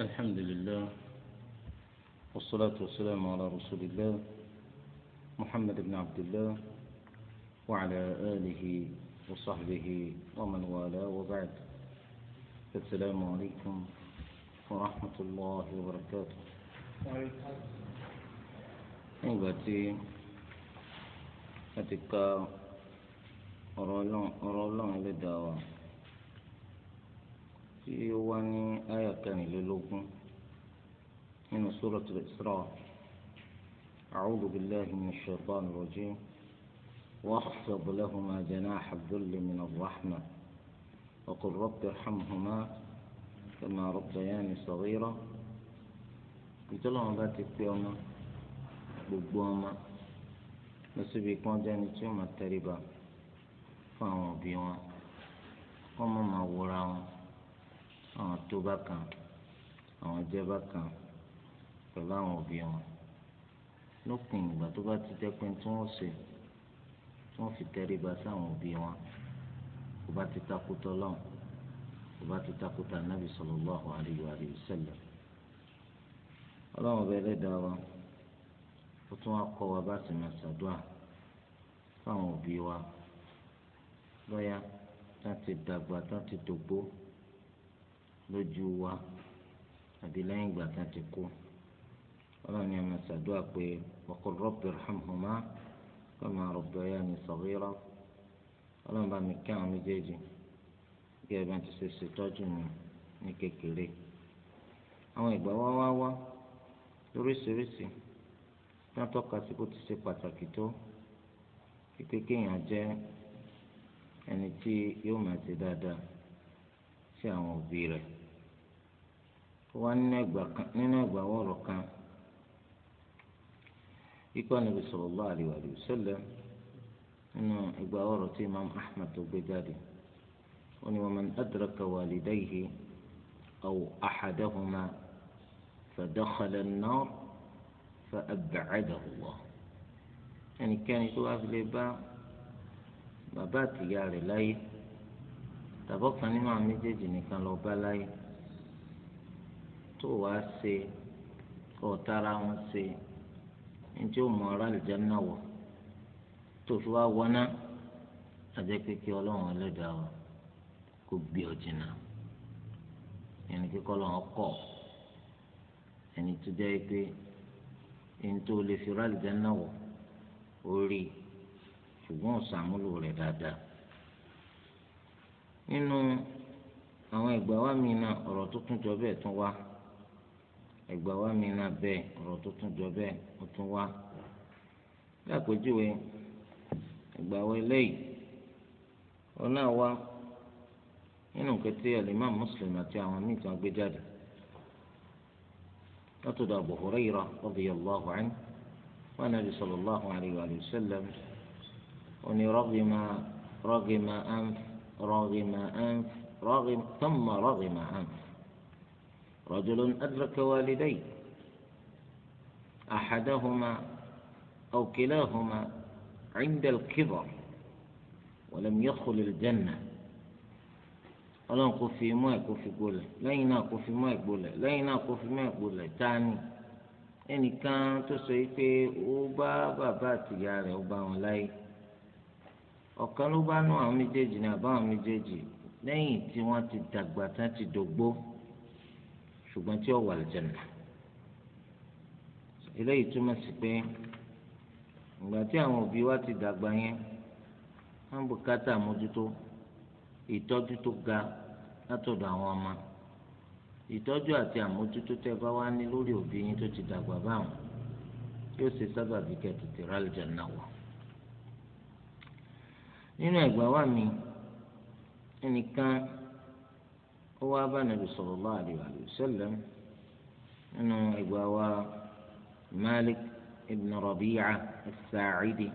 الحمد لله والصلاة والسلام على رسول الله محمد بن عبد الله وعلى آله وصحبه ومن والاه وبعد السلام عليكم ورحمة الله وبركاته نيباتي أتكا أرولون أرولون لدعوة tí ó wá ní àyà kẹrìnlélógún nínú suratul Isra a'udhu billahi minash shaitanir rajim واخفض لهما جناح الذل من الرحمة وقل رب ارحمهما كما ربياني صغيرا ìtọ́lọ́wọ́n bá ti pé ọmọ gbogbo ọmọ lọ síbi kí wọ́n jẹ́ni tí ó máa tẹríba fún àwọn òbí wọn kọ́ mọ́ máa wúra wọn àwọn tó bá kan àwọn jẹ́ bá kan pẹ̀lú àwọn òbí wọn lópin ìgbà tó bá ti jẹ́ pé tí wọ́n ṣe tí wọ́n fi tẹríba sáwọn òbí wọn kò bá ti takùtọ̀ lọ́hùn kò bá ti takùtọ̀ anábì sallallahu alaihi wa sallam ọlọ́run bẹ́ẹ̀ lẹ́dàá wa ó tún wá kọ́ wa bá sì máa ṣàdúrà fáwọn òbí wa lọ́yà tá ti dàgbà tá ti dògbó lójú wa àbí lẹ́yìn ìgbà kan ti kú ọlọ́run ni a máa ṣàdúrà pé waqul rabbi irhamhuma kama rabbayani saghira ọlọ́run bá mi kí àwọn méjèèjì kí ẹ bá ti ṣe ṣètọ́jú mi ní kékeré àwọn ìgbà wá wá wá lóríṣiríṣi tí wọ́n tọ́ka sí kó ti ṣe pàtàkì tó kíkẹ́ kéèyàn jẹ́ ẹni tí yóò máa ṣe dáadáa sí àwọn òbí rẹ̀. wọn nínú ẹgbà wọrọ kan ikú anabi sallallahu alaihi wa sẹlẹ nínú ẹgbà wọrọ tí imam ahmed tó gbé jáde wọn ni wa man adraka walidayhi aw ahadahuma fadakhala an-nar fa'ab'adahu Allah ẹnikẹ́ni tó wá filẹ̀ bá bàbá àtìyá rẹ̀ láyé tàbọ̀ kan nínú àwọn méjèèjì nìkan lọ bá láyé. tó wàá ṣe ọ̀tara wọn ṣe ní tí ó mọ ọ̀rọ̀ àlùjáná wọ̀ tó fi wá wọná àjẹ́ pé kí ọlọ́run ẹlẹ́dàá wa kó gbé ọ jìnnà ẹni kíkọ́ lọ́wọ́ kọ̀ ẹni tó jẹ́ pé ẹni tó lè fi ọ̀rọ̀ àlùjáná wọ̀ orí ṣùgbọ́n ṣàmúlò rẹ̀ dáadáa nínú àwọn ìgbà wa mi náà ọ̀rọ̀ tó tún jọ bẹ́ẹ̀ tún wá ẹgbà wa mìíràn bẹ́ẹ̀ ọ̀rọ̀ tó tún jọ bẹ́ẹ̀ ó tún wá bí àpèjúwe ẹgbà wa eléyìí òun náà wá nínú nǹkan tí alimami Muslim àti àwọn míì kan gbé jáde látọ̀dọ̀ Abu Hurairah radiyallahu anhu wa nabi sallallahu alayhi wa sallam oní rọ́gìmà rọ́gìmà ànf rọ́gìmà ànf rọ́gìmà tọ́mà rọ́gìmà ànf. رجل أدرك والديه أحدهما أو كلاهما عند الكبر ولم يدخل الجنة ọlọ́run kò fi mọ́ ẹ̀ kò fi gbolẹ̀ lẹ́yìn náà kò fi mọ́ ẹ̀ gbolẹ̀ lẹ́yìn náà kò fi mọ́ ẹ̀ gbolẹ̀ tání ẹnìkan tó sọ yìí pé ó bá bàbá àtìyá rẹ̀ ó bá wọn láyé ọ̀kan ló bá nú àwọn méjèèjì ní àbáwọn méjèèjì lẹ́yìn tí wọ́n ti dàgbà tán ti dògbó ṣùgbọ́n tí ó wà lìjẹ̀nà eléyìí túmọ̀ sí pé ìgbà tí àwọn òbí wa ti dàgbà yẹn wọ́n bùkátà mójútó ìtọ́jú tó ga látọ̀dọ̀ àwọn ọmọ ìtọ́jú àti àmójútó tẹ́ bá wá ní lórí òbí yín tó ti dàgbà báwọn yóò ṣe sábàbí kẹ́ tètè rà lìjẹ̀nà wọ̀ nínú ẹ̀gbà wa mi ẹnìkan. هو أبا النبي صلى الله عليه وآله وسلم أنه إبوا مالك ابن ربيعة الساعدي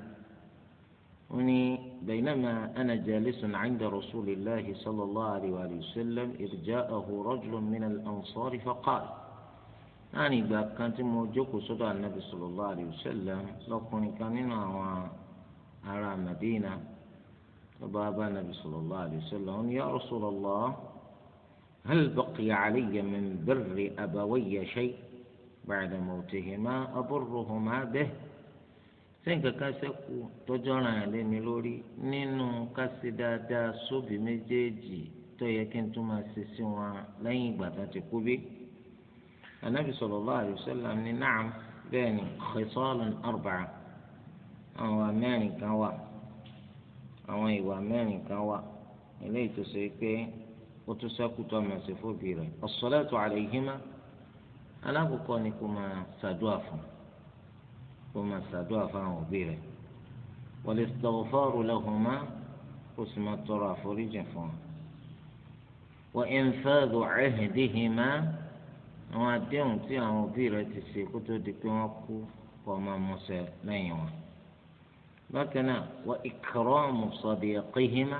وني بينما أنا جالس عند رسول الله صلى الله عليه وآله وسلم إذ جاءه رجل من الأنصار فقال أني بقى كانت موجوك صدى النبي صلى الله عليه وسلم لو كنت كاننا على مدينة فبابا النبي صلى الله عليه وسلم يا رسول الله هل بقي علي من بر أبوي شيء بعد موتهما أبرهما به sẹ́ǹkà ká sẹ́kù tọ́jọ́ra ẹ̀ lẹ́mi lórí nínú kásì dáadáa sóbì méjèèjì tó yẹ kí n tún máa ṣe sí wọn lẹ́yìn ìgbà tó ti kú bí. anabi sallallahu alaihi wasallam ní na'am bẹ́ẹ̀ ni khisalun arba'a àwọn ìwà mẹ́rin kan wà àwọn ìwà mẹ́rin kan wà eléyìí tó ṣe pé ó tún sẹ́kù tó ọmọ ẹ̀sìn fóbi rẹ̀ as-salatu alayhima alákòókò ni kó máa ṣàdúà fún kó máa ṣàdúà fún àwọn òbí rẹ̀ wal-istighfaru lahuma kó sì máa tọrọ fún wọn. wa infadhu ahdihima àwọn àdéhùn tí àwọn òbí rẹ̀ ti ṣe kó tó di pé wọ́n kú kó máa mọṣẹ́ lẹ́yìn wọn. bákan náà wa ikramu sadiqihima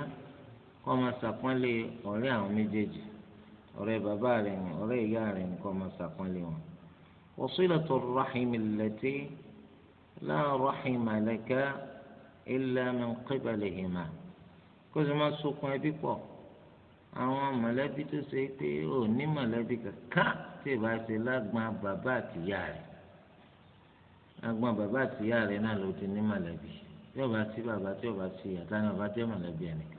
kọ́ máa ṣàpọ́nlé ọ̀rẹ́ àwọn méjèèjì ọ̀rẹ́ bàbá rẹ̀ ni ọ̀rẹ́ ìyá rẹ̀ ni kọ́ máa ṣàpọ́nlé wọn. wasilatu rahim allati la rahima laka illa min qibalihima kó sì máa sokun ẹbí pọ̀ àwọn mọ̀lẹ́bí tó ṣe pé ò ní mọ̀lẹ́bí kankan tí ì bá ṣe lágbọn bàbá àtìyá rẹ̀ lágbọn bàbá àtìyá rẹ̀ náà ló ti ní mọ̀lẹ́bí tí ò bá sí bàbá tí ò bá sí àtàwọn ọba tí ò mọ̀lẹ́bí ẹnìkan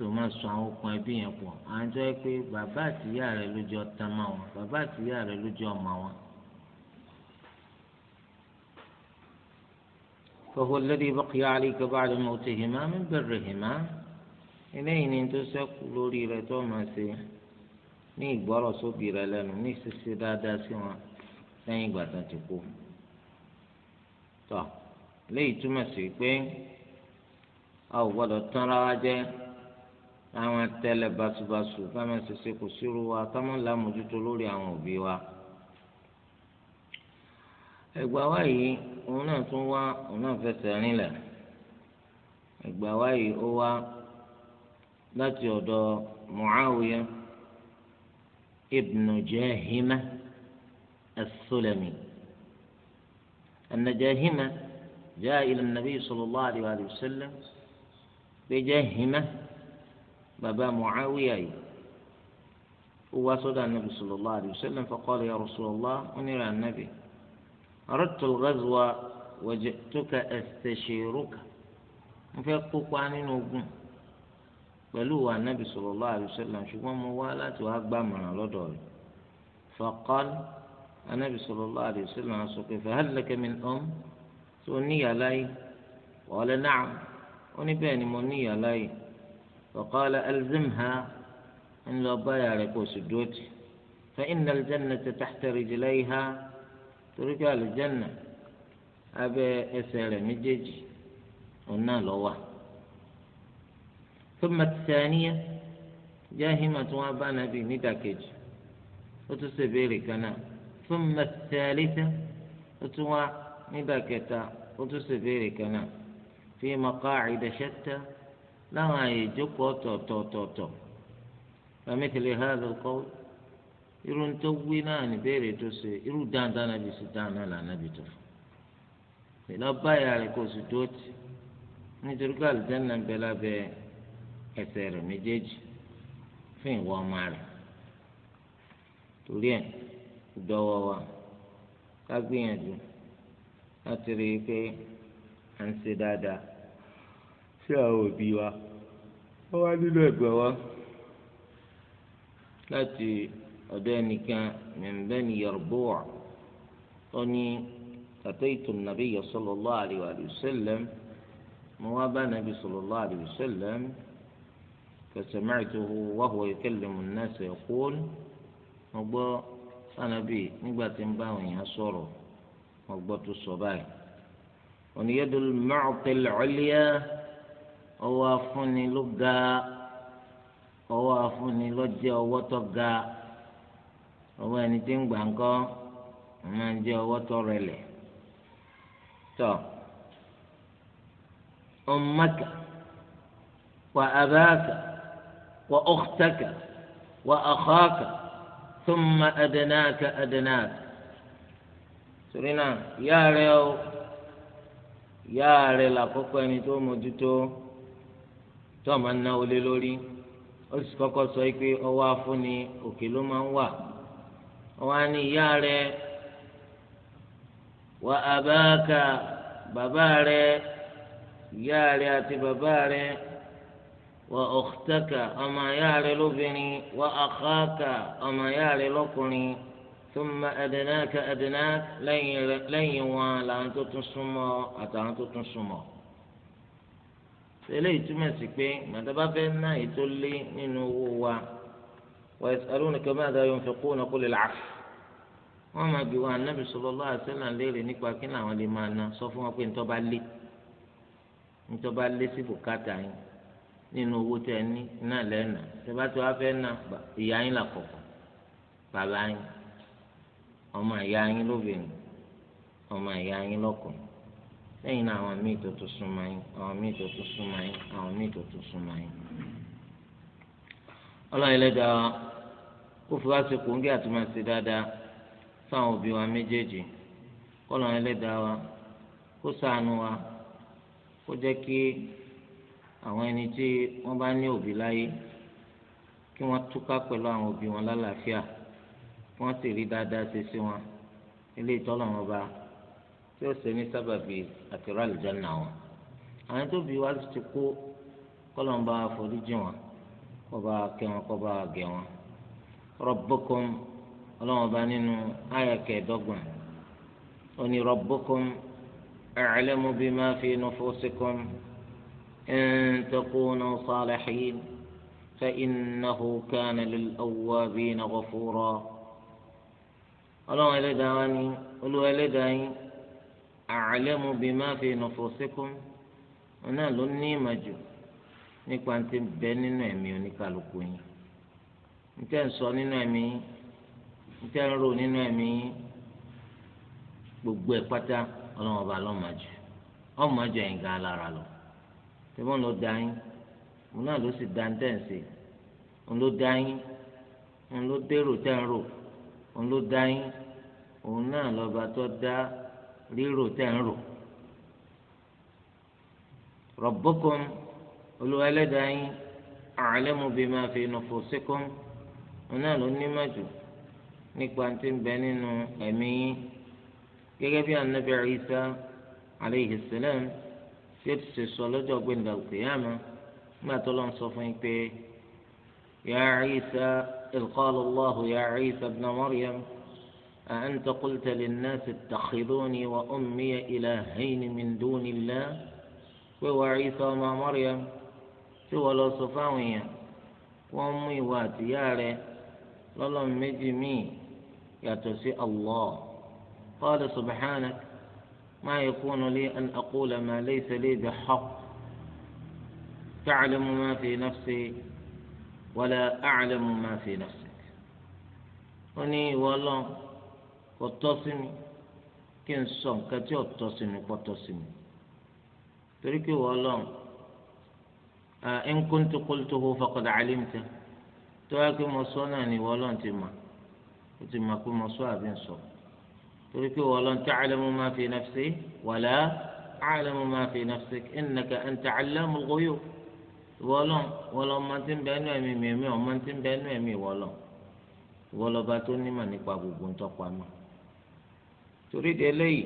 tó o máa sọ àwọn okùn ẹbí yẹn pọ̀ à ń jẹ́ pé bàbá àtìyá rẹ lójú ọ̀tá máa wọn bàbá àtìyá rẹ lójú ọmọ wọn. فهو الذي بقي عليك بعد موتهما من برهما eléyìí ni tó ṣẹ́kù lórí rẹ tó máa ṣe ní ìgbọ́rọ̀ sóbì rẹ lẹ́nu ní ṣíṣe dáadáa sí wọn lẹ́yìn ìgbà tán ti kú. tọ́ léyìí túmọ̀ sí pé a ò gbọ́dọ̀ tán rárá jẹ́ àwọn tẹ́lẹ̀ basubasu káwọn ṣẹṣẹ kò sírò wa káwọn mójútó lórí àwọn òbí wa. ẹgbà wa yìí òun náà tún wá òun náà fẹsẹ̀ rinlẹ̀ ẹgbà wa yìí ó wá láti ọ̀dọ̀ muhawiya ibnu Jahima as anajahima anna jaa ila nabi sallallahu alayhi wa sallam bi Jahima. bàbá muawiya yìí النبي صلى الله عليه وسلم، فقال يا رسول الله، ya النبي، ó ní ra anabi aradtu al-ghazwa wa ji'tuka astashiruka mo fẹ́ kópa nínú ogun pẹ̀lú wa anabi sallallahu alayhi wa sallam ṣùgbọ́n mo wá láti wá gbàmọ̀ràn lọ́dọ̀ rẹ̀ faqala anabi sallallahu alayhi wa sallam sọ pé fahal laka tó um? níyàlá yìí wala na'am ó ní bẹ́ẹ̀ ni mo níyàlá yìí. فقال ألزمها إن لو بايع سدوت فإن الجنة تحت رجليها ترجع الجنة أبي أسأل مجج قلنا له ثم الثانية جاهمة وابانا بمداكج وتسبيري كنا ثم الثالثة وتوا مداكتا وتسبيري كنا في مقاعد شتى láwọn àyè ìjókòó ọ̀tọ̀ọ̀tọ̀ọ̀tọ̀ pàmìtìlẹ̀ hàdà kọ́ irú tó wí náà níbèrè tó ṣe irú dáadáa nàbì sí dáadáa là nàbì tó fún ìlọ báyà rẹ kò sì tó tì nítorí pé àlùjáná ń bẹ lábẹ́ ẹsẹ̀ rẹ méjèèjì fún ìwọ ọmọ rẹ torí ẹ ìdọwọ wa ká gbìyànjú láti rí i sí àwọn òbí wa wọ́n wá nínú ẹ̀gbọ́n wa láti ọ̀dọ̀ ẹnìkan mẹ́mbẹ́ni Yarbu'a ó ní ataitu an-nabiyya sallallahu alayhi wa sallam mo wá bá nàbí sallallahu alayhi wa sallam فسمعته وهو يكلم الناس يقول mo gbọ́ sànàbì nígbà tí ń bá àwọn èèyàn sọ̀rọ̀ mo gbọ́ tó sọ báyìì. oníyẹ́dùn mọ́ọ̀tẹ́lẹ̀ ọ̀lẹ́yà ọwọ́ afúnni ló ga ọwọ́ afúnni ló jẹ́ ọwọ́ tó ga ọwọ́ ẹni tí ń gbà ńkọ́ máa ń jẹ́ ọwọ́ tó rẹlẹ̀ tọ́ ummaka wa abaka wa ukhtaka wa akhaka thumma adnaka adnaka torí náà ìyá o ìyá rẹ ẹni tó mójútó tó o máa ń náwó lé lórí ó sì kọ́kọ́ sọ pé ọwọ́ afúnni òkè ló máa ń wà ọwọ́ á ní ìyá rẹ wà àbáàkà bàbá rẹ ìyá rẹ àti bàbá rẹ wà ọ̀kùtàkà ọmọ ìyá rẹ lóbìnrin wà àkàkà ọmọ ìyá rẹ lọ́kùnrin túmọ̀ ẹ̀dẹ̀náàkà ẹ̀dẹ̀náàkà lẹ́yìn wọn làwọn tó tún súnmọ́ àtàwọn tó tún súnmọ́ eléyìí túmọ̀ sí pé màdàbà fẹ́ ná ètò lé nínú owó wa wà yas'alunaka madha yunfiquna qul al-'afw wọ́n máa bí wa anábì sallallahu alaihi wasallam léèrè nípa kí làwọn lè máa ná sọ fún wọn pé ntọ́ bá lé ntọ́ bá lé sí bùkátà yín nínú owó tẹ ẹ ní náà lẹ́nà tẹ tí wàá fẹ́ ná ìyá yín là kọ̀kọ̀ bàbá yín ọmọ ìyá yín lóbìnrin ọmọ ìyá yín lọ́kùnrin lẹ́yìn náà àwọn míì tó tún súnmọ́ yín àwọn míì tó tún súnmọ́ yín àwọn míì tó tún súnmọ́ yín. ọlọ́run ẹlẹ́dàá kó fi wá sí dáadáa fáwọn òbí wa méjèèjì kọ́lọ́run ẹlẹ́dàá wa kó ṣàánú wa kó jẹ́ kí àwọn ẹni tí wọ́n bá ní òbí láyé kí wọ́n túká pẹ̀lú àwọn òbí wọn lálàáfíà kí wọ́n sì rí dáadáa ṣe sí wọn ilé ìtọ́lọ́run ọba tí ó ṣe ní sábàbí àtìrá àlùjáná wọn àwọn tó bí wá ti kó kọlọmbà àforíjì wọn kọba kẹ wọn kọba gẹ wọn rabbukum ọlọ́wọ́n bá nínú àyà kẹẹ̀dọ́gbọ̀n ó ní rabbukum a'lamu bima fi nufusikum in takunu salihin فإنه كان للأوابين غفورا ẹlẹ́dàá wa ni ẹlẹ́dàá yín a'lamu ma fi nufusikum náà ló ní ìmọ̀ jù nípa ti bẹ nínú ẹ̀mí oníkàlùkù yín níta ń sọ nínú ẹ̀mí yín nínú ẹ̀mí gbogbo ẹ̀ pátá ọba lọ́mọ jù ọmọ jù ẹ̀yìn gan lọ tẹ́wọ́n ló da yín náà ló sì da ń ló rírò tẹ̀ ń rò rabbukum olúwa ẹlẹ́dàá yín a'lamu máa fi nufusikum wọn náà ló ní màjò nípa tí ń bẹ nínú ẹ̀mí yín gẹ́gẹ́ bí anabi Isa aleyhi salam ṣe ti ṣe sọ lọ́jọ́ gbẹ̀ndà al-qiyama nígbà tó lọ́n sọ fún yín pé ya Isa idh qala Allahu ya Isa ibn mọ́ríyàmù. أأنت قلت للناس اتخذوني وأمي إلهين من دون الله وهو عيسى وما مريم سوى لو صفاوية وأمي واتياري لولم مجمي يتسي الله قال سبحانك ما يكون لي أن أقول ما ليس لي بحق تعلم ما في نفسي ولا أعلم ما في نفسك وني والله kò tọ́ sí mi kí n sọ nǹkan tí ò tọ́ sí mi kò tọ́ sí mi torí pé wọ́n lọ́n in kuntu qultuhu faqad alimta tó wá pé mo sọ náà ni wọ́n lọ́n ti mà ó ti mà pé mo sọ àbí ń sọ torí pé wọ́n lọ́n ta'lamu ma fi nafsi wala a'lamu ma fi nafsik innaka anta allamul ghuyub wọ́n lọ́n wọ́n lọ́n máa ti bẹ́ẹ̀ nú ẹ̀mí mi ẹ̀mí ọ̀ máa ti bẹ́ẹ̀ nú ẹ̀mí wọ́n lọ́n wọ́n lọ́ba tó nímọ̀ nípa gbogbo ń tọ́pa náà torí de eléyìí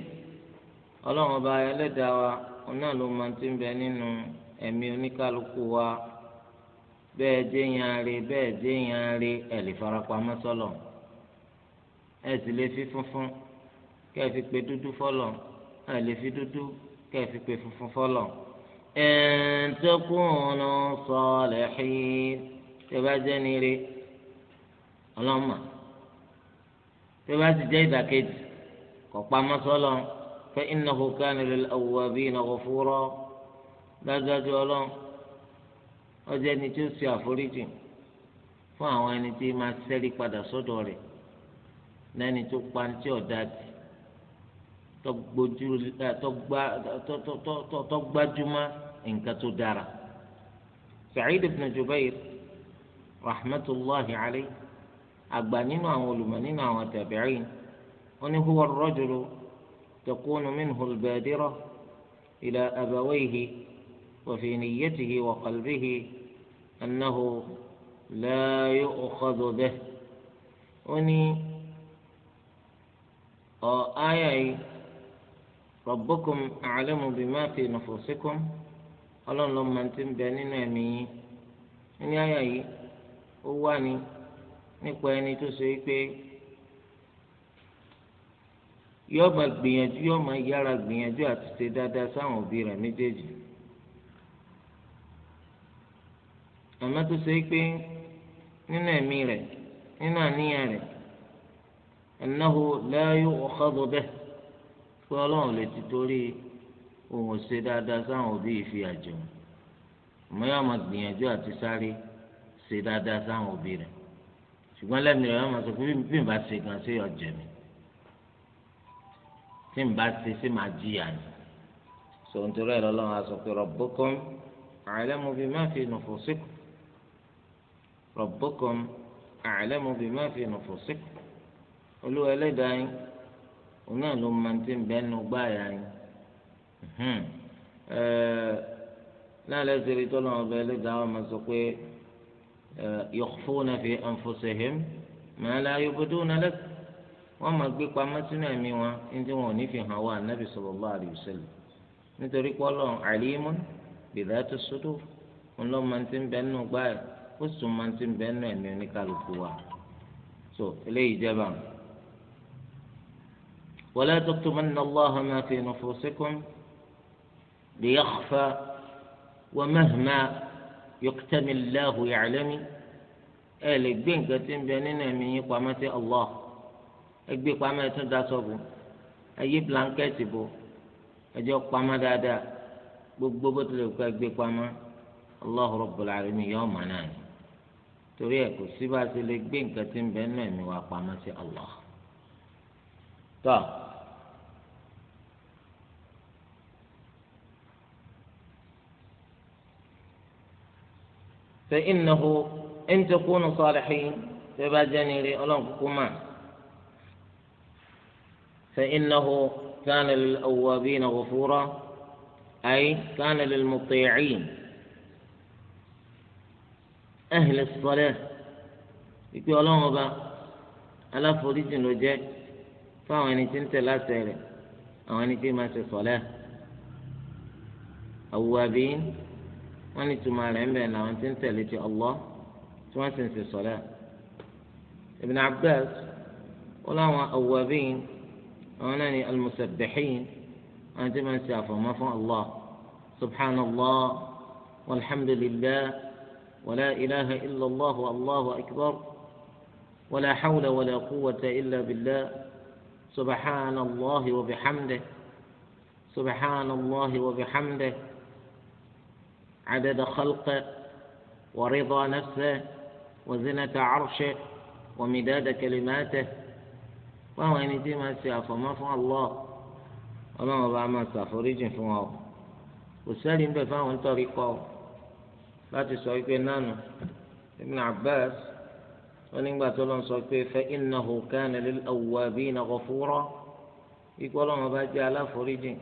ọlọ́run ọba ẹlẹ́dàá wa òun náà ló máa ti ń bẹ nínú ẹ̀mí oníkálukú wa bẹ́ẹ̀ dé yan re bẹ́ẹ̀ dé yan re ẹ̀ sọ́lọ̀ ẹ̀ lè fi funfun kẹ́ fi pe dúdú fọ́lọ̀ ẹ̀ lè fi dúdú kẹ́ ẹ̀ fi pe funfun fọ́lọ̀ ẹ̀ sọ̀lẹ̀ xìí tẹ́ ni re ọlọ́mà tẹ́ bá ìdàkejì kọ̀pá mọ́sọ́lọ́ fẹ́ innahu kana lil awwabina ghafura dájúdájú ọlọ́run ọjọ́ ẹni tí ó ṣe àforíjì fún àwọn ẹni tí máa ṣẹ́rí padà sọ́dọ̀ rẹ̀ lẹ́ni tó pa ní tí ọ̀dà tì tó gbájúmọ́ nǹkan tó dára. Sa'id ibn Jubair rahmatulahi alayhi àgbà nínú àwọn olùmọ̀ nínú àwọn tabi'in. ون هو الرجل تكون منه البادرة إلى أبويه وفي نيته وقلبه أنه لا يؤخذ به وني آي ربكم أعلم بما في نفوسكم ọlọ́run لما أنتم ti ń إني آي آي yín ní ayọ̀ yóò máa gbìyànjú yóò máa yára gbìyànjú àti ṣe dáadáa sáwọn òbí rẹ̀ méjèèjì àmọ́ tó ṣe pé nínú ẹ̀mí rẹ̀ nínú àníyàn rẹ̀ ẹnáwó láyé ọ̀kadọ̀ bẹ́ẹ̀ pé ọlọ́run lè ti torí òun ṣe dáadáa sáwọn òbí ìfi àjẹun àmọ́ yóò máa gbìyànjú àti sáré ṣe dáadáa sáwọn òbí rẹ̀ ṣùgbọ́n lẹ́mìí rẹ̀ yóò sọ pé bí n bá ṣe gan ṣe ọ̀jẹ̀ mi tí n bá ṣe ṣe máa jìyà ni sọ̀ntorí ẹ̀rọ lọ́wọ́ aṣọ pé rabbukum a'lamu bima fi nufusikum rabbukum a'lamu bima fi nufusikum olúwa ẹlẹ́dàá yín òun náà ló máa ti ń bẹ́ẹ̀ nu gbáàyà yín náà lẹ́sẹ̀ rí tọ́lọ́ ọba ẹlẹ́dàá wọn máa sọ pé yakhfuna fi anfusihim ma la yubduna lak wọ́n máa gbé pamọ́ sínú ẹ̀mí wọn ní wọn ò ní fi hàn wá anábì sallallahu alaihi wasallam nítorí pọ́lọ́ alimun bidhati sudur wọn lọ́ máa ti ń bẹ́ nù gbáyà ó sì máa ti ń bẹ́ nù ẹ̀mí oníkàlùkù wa so eléyìí jẹba wala taktumanna Allaha ma fi nufusikum liyakhfa wa mahma yuktami Allahu ya'lam ẹ lè gbé nǹkan tí ẹgbẹ́ pamọ́ ẹtún daṣọ bò ẹyí blankẹ́tì bò ẹjọ́ pamọ́ dáadáa gbogbo bó tilẹ̀ kọ́ ẹgbẹ́ pamọ́ Allahu Rabbul Alamin yọ ọmọ náà ni torí ẹ kò síbá ṣe lè gbé nǹkan tí ń bẹ náà mi sí Allah tọ́ فإنه إن تكونوا صالحين ألون كما فإنه كان للأوابين غفورا أي كان للمطيعين أهل الصلاة يقول لهم أبا ألا فريد الوجه فأواني تنت لا سير أو أن ما صلاة أوابين وأن ما بأن أن تنت الله ثم تنسي صلاة ابن عباس ولا أوابين أولاني المسبحين أنت من سافر ما فوق الله سبحان الله والحمد لله ولا إله إلا الله والله أكبر ولا حول ولا قوة إلا بالله سبحان الله وبحمده سبحان الله وبحمده عدد خلقه ورضا نفسه وزنة عرشه ومداد كلماته fún àwọn ẹni tí máa ṣe àfọ̀mọ́ fún Allah ọlọ́run ọba máa ṣàforíjì fún ọ kò sẹ́rí ń bẹ̀ fáwọn tọ́rí kọ́ ọ láti sọ wípé nánu Ibn Abbas wọn tó lọ sọ pé fa innahu kana lil awwabina ghafura ikú ọlọ́run ọba jẹ́ aláforíjì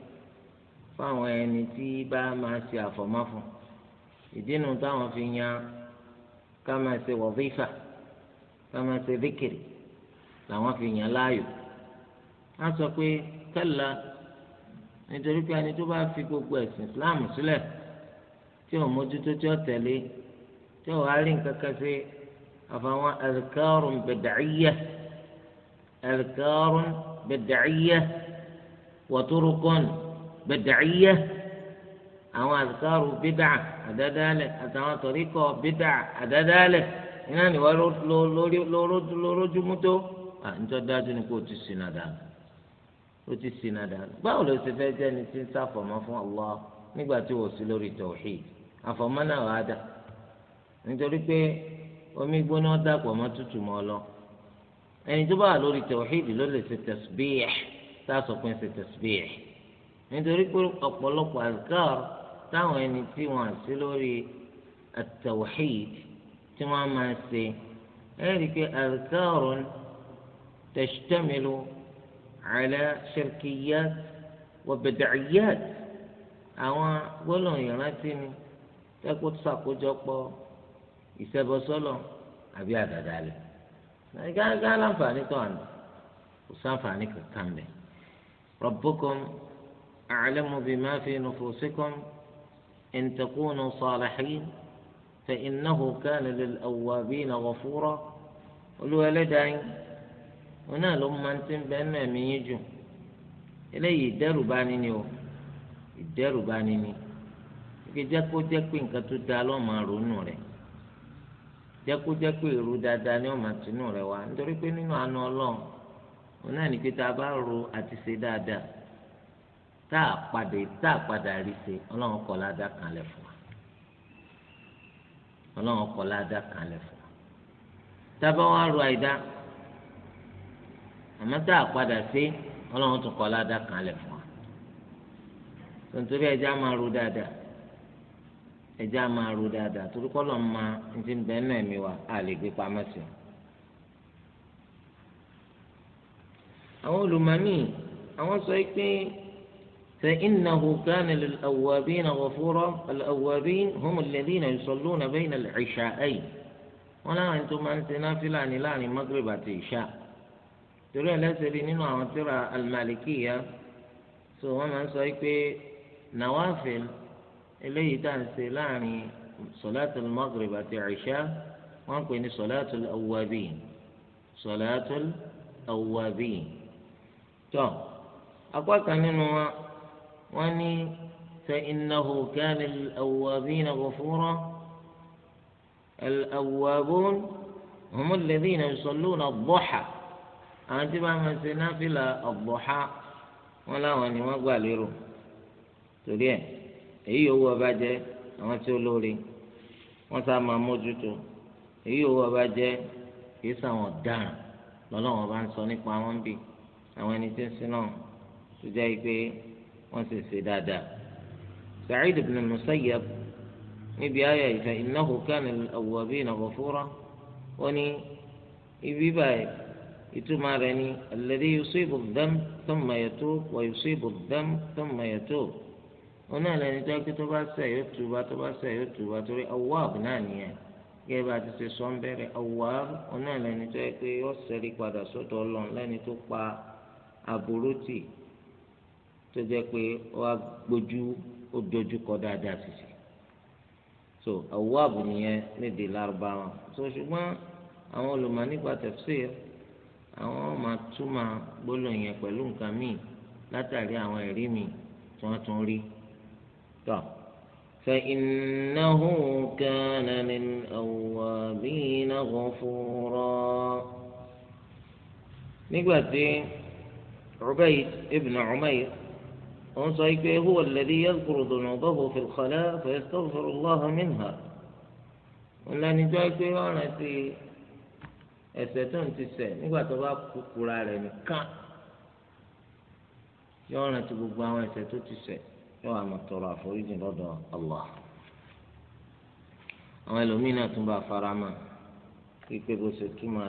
fáwọn ẹni tí bá máa ṣe àfọ̀mọ́ fún ìdí táwọn fi yan ká máa ṣe wọ̀fífà ká máa ṣe díkìrì làwọn fi yàn láàyò á sọ pé kẹ́lá nítorí pé ẹni tó bá fi gbogbo ẹ̀sìn Islam sílẹ̀ tí ò mójútó tí ó tẹ̀lé tí ò wá rí nǹkan kan sí àfàwọn ẹ̀rìkárùn bẹ̀dàíyẹ ẹ̀rìkárùn bẹ̀dàíyẹ wàtúrúkọ́n bẹ̀dàíyẹ àwọn àzùkárù bídà àdádálẹ̀ àtàwọn tọ̀ríkọ̀ bídà àdádálẹ̀ iná ni wọ́n lórójúmú tó à ń tọ́ dájú ni kó o ti ṣìnà dànù o ti ṣìnà dànù báwo ló ṣe fẹ́ jẹ́ ni tí ń sàfọ̀mọ́ fún Allah nígbà tí o sí lórí tauhid àfọ̀mọ́ náà wàá dà nítorí pé omi gbóná dàpọ̀ mọ́ tútù mọ́ ọ lọ ẹni tó bá wà lórí tauhid ló lè ṣe tasbih tá pé ń ṣe tasbih nítorí pé ọ̀pọ̀lọpọ̀ azkar táwọn ẹni tí wọ́n sí lórí at tí wọ́n máa ṣe ẹ̀rí pé azkarun تشتمل على شركيات وبدعيات أو ولو يناتني تقول ساقو جوكو يسابو سولو أبي هذا ذلك قال قال أنفاني كان وسانفاني كان ربكم أعلم بما في نفوسكم إن تكونوا صالحين فإنه كان للأوابين غفورا قلوا لدي òun náà ló máa ń ti ń bẹ́ẹ̀ náà yín jù eléyìí ni o ìdẹ́rùbani ni ike jẹ́ kó jẹ́ pé nǹkan tó da lọ́ọ́ máa rẹ̀ jẹ́ kó jẹ́ pé èrò dáadáa ni ó máa rẹ̀ wá nítorí pé nínú àánú ọlọ́run òun náà ní pé tá a bá ro àti ṣe dáadáa tá a padà tá a padà rí ṣe ọlọ́run kọ́ ládà kan lẹ̀ fún wa ọlọ́run kọ́ ládà àmọ́ tá a padà sí ọlọ́run tún kọ́ ládàá kan lẹ̀ fún wa tontorí ẹja máa ro dáadáa ẹja máa ro dáadáa torí kọ́lọ̀ ma ti ń bẹ́ẹ̀ náà mi wá a lè gbé pamọ́ sí i. àwọn olùmọ̀mí àwọn sọ pé فإنه كان للأوابين غفورا الأوابين هم الذين يصلون بين العشاءين ولا أنتم أنت نافلة عن المغرب عشاء torí ẹlẹ́sẹ̀ rí nínú àwọn tíra alimalikiya so wọ́n máa ń sọ pé nawafil eléyìí tá à ń ṣe láàrin sọláàtù magreb àti ìṣá wọ́n pè ní sọláàtù awuabi sọláàtù awuabi tó apá kan nínú wa wọ́n ní sẹ fa'innahu kana al-awwabin ghafura al-awwabun hum alladhina yusalluna ad bọ́ha. àwọn tí bá máa ṣe náfìlà ọ̀gbọ̀há wọn láwọn ni wọ́n gbà lérò torí ẹ̀ èyí owó ọba jẹ́ àwọn tí ó lóore wọ́n sá máa mójútó èyí owó ọba jẹ́ kìí sàwọn ọ̀daràn lọ́lọ́wọ́n bá ń sọ nípa wọn bí àwọn ẹni tí ń sin náà tó jẹ́ pé wọ́n sì ṣe dáadáa. Sa'id ibn Musayyab níbi ayé ìfẹ́ innahu kana al-awwabina ghafura ó ní ibi báyìí ìtumọ̀ rẹ̀ ni alladhi yusibu dam thumma yatub wa yusibu dam thumma yatub òun náà lẹni tó gbé tó bá ṣẹ̀ yóò túba tó bá ṣẹ̀ yóò túba torí awwab náà nìyẹn gẹ́gẹ́ bá ti ṣe sọ ń bẹ̀rẹ̀ awwab òun náà tó yẹ pé yóò ṣẹ́rí padà sọ́dọ̀ Ọlọ́run lẹ́ni tó pa aburú tì tó jẹ́ pé wàá gbójú ó dojú kọ dáadáa sísè so awwab nìyẹn nídìí lárúbáwá so ṣùgbọ́n àwọn olùmọ̀ nípa tafsir àwọn máa túmọ̀ gbólóhùn yẹn pẹ̀lú nǹkan míì látàrí àwọn ẹ̀rí míì tí wọ́n tún rí tọ́. فإنه كان للأوابين غفورا نقول عبيد ابن عمير أنصيك هو الذي يذكر ذنوبه في الخلاء فيستغفر الله منها ولا نجاك أنا في Ese tó ń ti ṣẹ̀ nígbà tó bá kúkúra rẹ̀ nìkan yóò rántí gbogbo àwọn ese tó ti sẹ, yóò wà tọrọ àforíjì lọ́dọ̀ Allah àwọn ẹlòmíín náà tún bá fara mọ́ pípé bó ṣe túmọ̀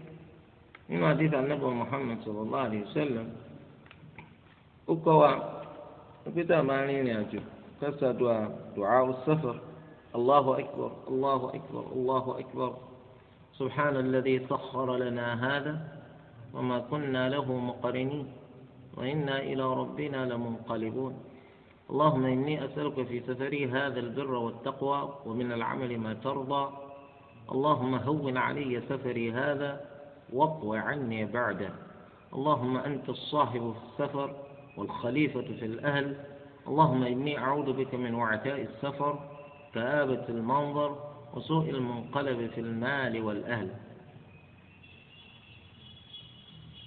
nínú àdìsá nàbọ̀ Muhammad sallallahu alaihi wasallam ó kọ́ wa pé tá a máa rìnrìn àjò kásá dùá dùá safar Allahu akbar Allahu akbar Allahu akbar subhana alladhi sakhkhara lana hadha wa ma kunna lahu muqrinin wa inna ila rabbina lamunqalibun. اللهم إني أسألك في سفري هذا البر والتقوى ومن العمل ما ترضى اللهم هون علي سفري هذا واقو عني بعده اللهم أنت الصاحب في السفر والخليفة في الأهل اللهم إني أعوذ بك من وعتاء السفر كآبة المنظر وسوء المنقلب في المال والأهل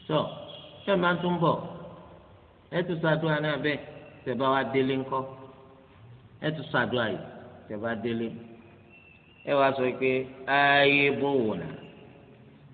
so tẹ́ máa tún bọ̀ ẹ tún ṣàdúrà àná abẹ tẹ́ bá wá délé ńkọ́ ẹ tún ṣàdúrà àyè tẹ́ bá délé ẹ wá sọ pé ayé bò wò náà.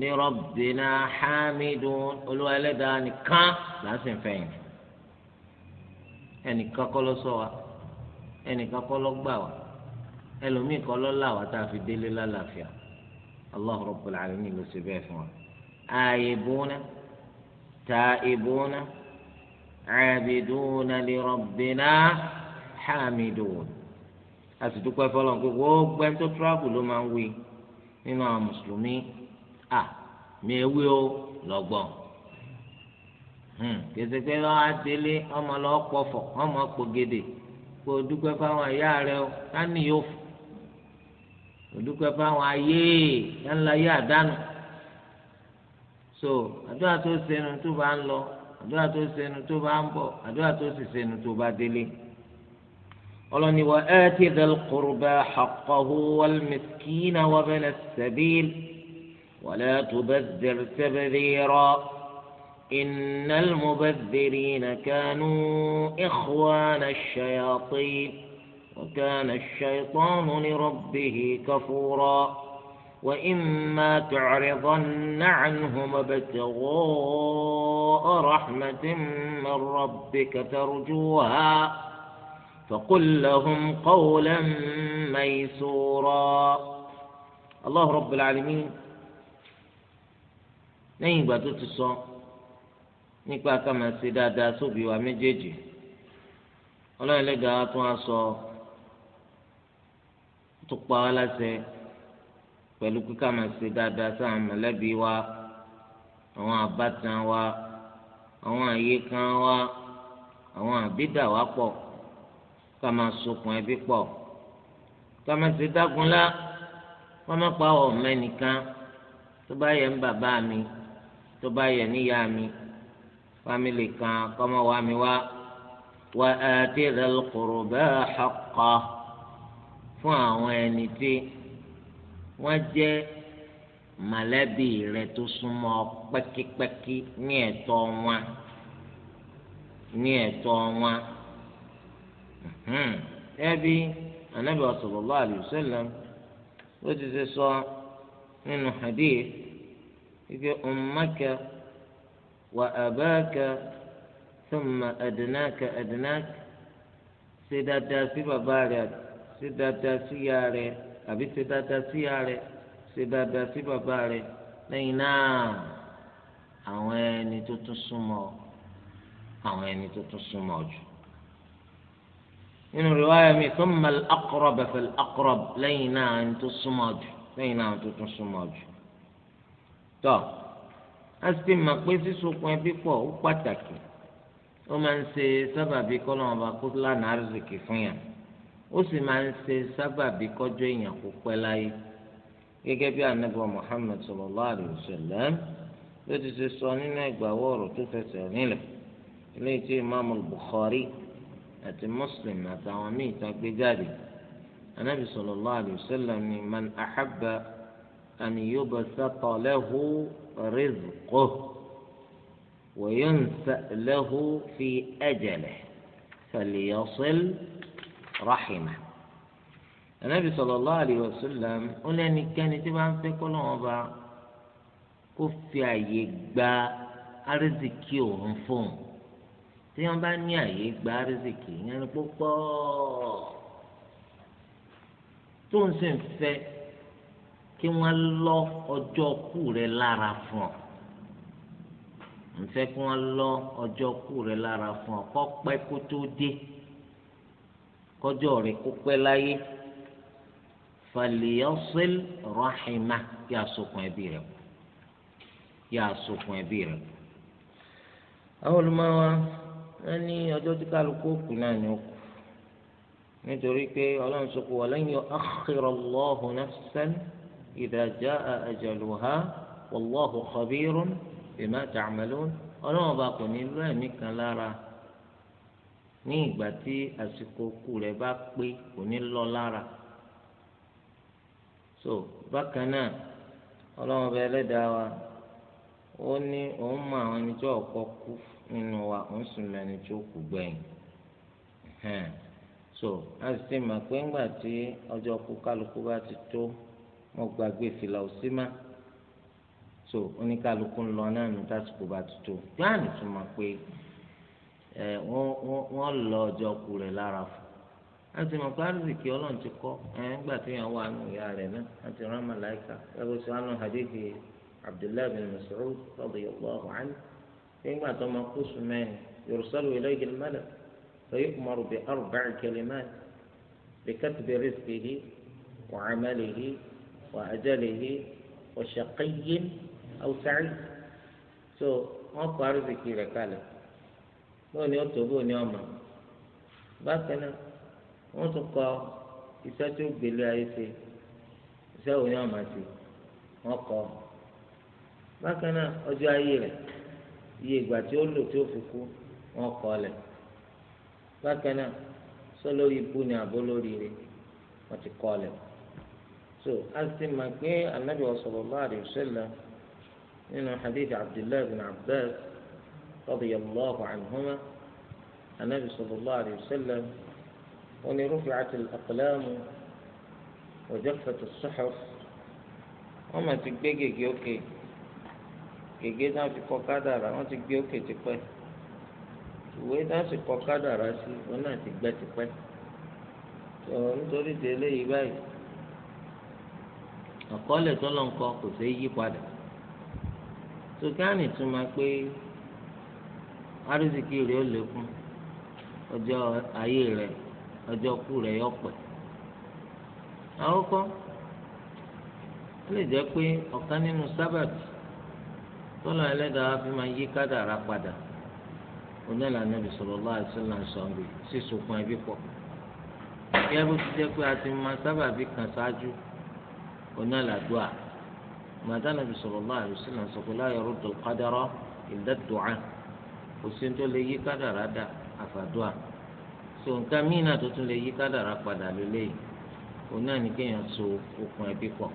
ní rọ́bìnà hámídùn olúwa ẹlẹ́dàá nìkan lásìn fẹ̀yìn ẹnìkan kọ́ ló sọ wa ẹnìkan kọ́ ló gbà wa ẹlòmíì kọ́ ló là wa tá a fi délé lálàáfíà allah rabbul alamin ló ṣe bẹ́ẹ̀ fún wa. ààyèbùnà tààyèbùnà ààbìdùnà ní rọ́bìnà hámídùn àti dúpẹ́ fọlọ́n gbogbo ẹni tíráàbù ló máa ń wí nínú àwọn mùsùlùmí à mi ewé o lọ́gbọ̀n hmm, kẹsẹkẹ lọ adélé ọmọ lọ pọfọ ọmọ pògèdè kó dúpẹ́ fáwọn ìyá rẹ o tani yóò fò kó dúpẹ́ fáwọn ayé ńlá yé àdánù so àdúrà tó sẹnu tó bá ń lọ àdúrà tó sẹnu tó bá ń bọ̀ àdúrà tó sì sẹnu tó bá délé ọlọ́ni wa ẹ́ ti dẹ́l kúrúbẹ́ xaqahu wàlmẹ́sìkínà wàbẹ́lẹ́ sẹ́bíl. ولا تبذر تبذيرا إن المبذرين كانوا إخوان الشياطين وكان الشيطان لربه كفورا وإما تعرضن عنهم ابتغاء رحمة من ربك ترجوها فقل لهم قولا ميسورا الله رب العالمين lẹ́yìn ìgbà tó ti sọ nípa ká máa ṣe dáadáa sóbì wa méjèèjì ọlọ́run ẹlẹ́dàá tún á sọ tó pa wá láṣẹ pẹ̀lú kíkà máa ṣe dáadáa sáà mọ̀lẹ́bí wa àwọn àbátan wa àwọn àyíkan wa àwọn àbídà wa pọ̀ ká máa sokùn ẹbí pọ̀ ká máa ṣe dágunlá ká máa pa ọ̀mẹ́nìkan tó bá yẹ ń bàbá mi tó bá yẹ níyà mi fámìlì kan kọ́mọ wá mi wá wà á ti rẹ̀ lọ́kọ̀rọ̀ bẹ́ẹ̀ haqqah fún àwọn ẹni tí wọ́n jẹ́ mọ̀lẹ́bí rẹ̀ tó súnmọ́ pẹ́kípẹ́kí ní ẹ̀tọ́ wọn ní ẹ̀tọ́ wọn ẹbí anabi sallallahu alaihi wasallam ó ti ṣe sọ nínú hadith. ibi ummaka wa abaka thumma adnaka adnaka ṣe dáadáa sí bàbá rẹ ṣe dáadáa sí ìyá rẹ àbí ṣe dáadáa sí ìyá rẹ ṣe dáadáa sí bàbá rẹ lẹ́yìn náà àwọn ẹni tó tún súnmọ́ àwọn ẹni tó tún súnmọ́ jù nínú riwaayà mi thumma al-aqrab fal-aqrab lẹ́yìn náà ẹni tó súnmọ́ jù lẹ́yìn náà ẹni tó tún súnmọ́ jù. tọ́ a sì ti mọ̀ pé sísokùn ẹbí pọ̀ ó pàtàkì ó máa ń ṣe sábàbí kọ́lọ́mù ọba kó lánàá àrùsìkì fún yàn ó sì máa ń ṣe sábàbí kọjọ́ èèyàn kó pẹ́ láyé gẹ́gẹ́ bí anabi muhammed sallallahu alayhi ló ti ṣe sọ nínú ìgbàwọ́ ọ̀rọ̀ tó fẹsẹ̀ nílẹ̀ ilé tí imaamu bukhari àti muslim àtàwọn míì ta gbé jáde anabi sallallahu alayhi ni man ahabba. أن يبسط له رزقه وينسأ له في أجله فليصل رحمه النبي صلى الله عليه وسلم قل أن كان تبعاً في كل وضع كفي أيقبا أرزكي وهم tí wọn bá ní àyè gba rìsíkì yẹn ní púpọ̀ tó ń sìn fẹ́ kí wọ́n lọ ọjọ́ kú rẹ lára fún ọ nfẹ́ kí wọ́n lọ ọjọ́ kú rẹ lára fún ọ kọ́ pẹ́ kó tó dé kọjọ́ rẹ kó pẹ́ láyé fàlìyọ́sẹ́l rọ́ọ̀hìnmá kí a ẹbí rẹ kù kí ẹbí rẹ àwọn olùmọ̀wá wọn ní ọjọ́ tí kálukú kù náà ni ó kù nítorí pé ọlọ́run sọ pé wọ́n lẹ́yìn akhira Allahu nafsan. إذا جاء أجلها والله خبير بما تعملون أنا bá kò ní lọ ẹ̀mí kan lára ní ìgbà tí àsìkò kù rẹ̀ bá pé kò ní lọ lára so bákan náà ọlọ́run bá ẹlẹ́dàá wa ó ní òun mọ àwọn ẹni tí ọ̀pọ̀ kú nínú wa òun sì mọ ẹni tí ó kú gbẹ̀yìn so a sì ti mọ̀ pé ńgbà tí ọjọ́ kú kálukú bá ti tó wọn gbàgbé fìlà òsì má so oníkálukú ń lọ náà nù tásìkò bá tuntun gíláàni tún máa pé ẹ wọn lọ ọjọ́ kù rẹ lára fún láti mọ̀ pé àrùsìkì ọlọ́run ti kọ́ ẹ̀ ń gbà téèyàn wà nù ìyá rẹ̀ náà láti rán màláìka ẹgbẹ́ sọ àánú hadithi abdullahi bin Mas'ud radiyallahu anhu nígbà tó máa kó sùn mẹ́rin yursalu ilayhi al-malak فيؤمر بأربع كلمات بكتب رزقه وعمله وأجله وشقي أو سعيد so wọn kọ arizikì rẹ kalẹ̀ bóun ni ó tó bóun ni ó mọ bákan náà wọn tún kọ iṣẹ́ tó gbélé ayé ṣe iṣẹ́ òun ni ó mọ sí wọn kọ bákan náà ọjọ́ ayé rẹ iye ìgbà tí ó lò tí ó fi kú wọn kọ lẹ bákan náà sọ lórí ibu ni àbó lórí rẹ wọn ti kọ lẹ so asi ma pé anabi sallallahu alayhi wa sallam nínú hadith abdullahi bin abbas radiyallahu anhuma anabi sallallahu alayhi wa sallam wọn ni rufi'at al-aqlam wa jaffat as-suhuf wọn ma ti gbé gègé òkè gègé náà ti kọ kádàrà wọn ti gbé òkè tipẹ́ ìwé náà sì kọ kádàrà sí wọn náà ti gbẹ tipẹ́ tó nítorí délé yìí báyìí. àkọọ́lẹ̀ tọ́lọ̀ ńkọ kò ṣeé yí padà sùkánì tún máa pé arúzìkì rẹ̀ ó lékún ọjọ́ ayé rẹ̀ ọjọ́ kú rẹ̀ yọ pẹ́ àkọ́kọ́ ó lè jẹ́ pé ọ̀kan nínú sábàtì tọ́lọ̀ ẹlẹ́dàá fi máa yí kádàrá padà onílà nàbì ẹbí pọ̀ kí onálàdúà màdánà bí sallallahu alaihi wasallam la yaruddu al-qadara illa ad-du'a kò sí ní tó lè yí kádàrá dà àfàdúà so nǹkan míì náà tó tún lè yí kádàrá padà lélẹ́yìn òun náà ní kéèyàn so okùn ẹbí pọ̀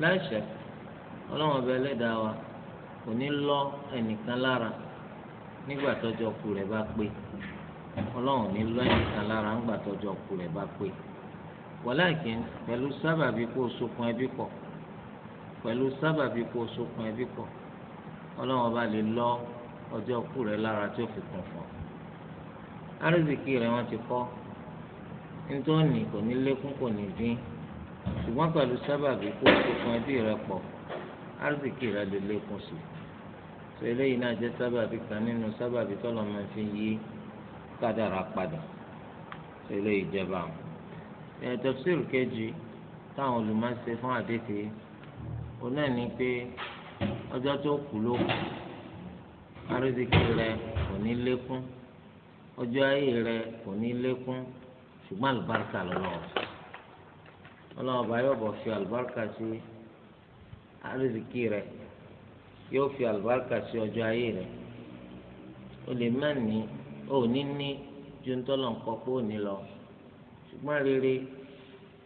láìsẹ̀ ọlọ́run ọba ẹlẹ́dàá wa kò ní lọ ẹnìkan lára nígbà tọ́jọ́ ku rẹ̀ bá pé ọlọ́run ní lọ ẹnìkan lára ńgbà tọ́jọ́ ku rẹ̀ bá pé wọláàkín pẹ̀lú sábàbí kó o sokun ẹbí pọ̀ pẹ̀lú sábàbí kó o sokun ẹbí pọ̀ ọlọ́run ọba lè lọ ọjọ́ kú rẹ lára tí ó fi kún fún ọ. árìsìkì rẹ wọn ti kọ́ nítòní kò ní lékún kò ní dín ṣùgbọ́n pẹ̀lú sábàbí kó o sokun ẹbí rẹ pọ̀ árìsìkì rẹ lè lékún sí i. sọ eléyìí náà jẹ́ sábàbí kan nínú sábàbí tọ́lọ́mọ fi yí kádàrá padà sọ eléyìí jẹ́ báwọn. Eh, tafsir kejì táwọn olùmọ̀ọ́sẹ̀ fún àdéhùn òun náà ní pé ọjọ́ tó kù ló kù arísìkí rẹ kò ní lékún ọjọ́ ayé rẹ kò ní lékún ṣùgbọ́n àlùbáríkà lọ́wọ́ ọlọ́wọ́ bá yóò bọ̀ fi àlùbáríkà sí arísìkí rẹ yóò fi àlùbáríkà sí ọjọ́ ayé rẹ o lè má ní o ò ní ní ju ń tọ́lọ̀ ń kọ́ ní lọ ṣùgbọ́n rere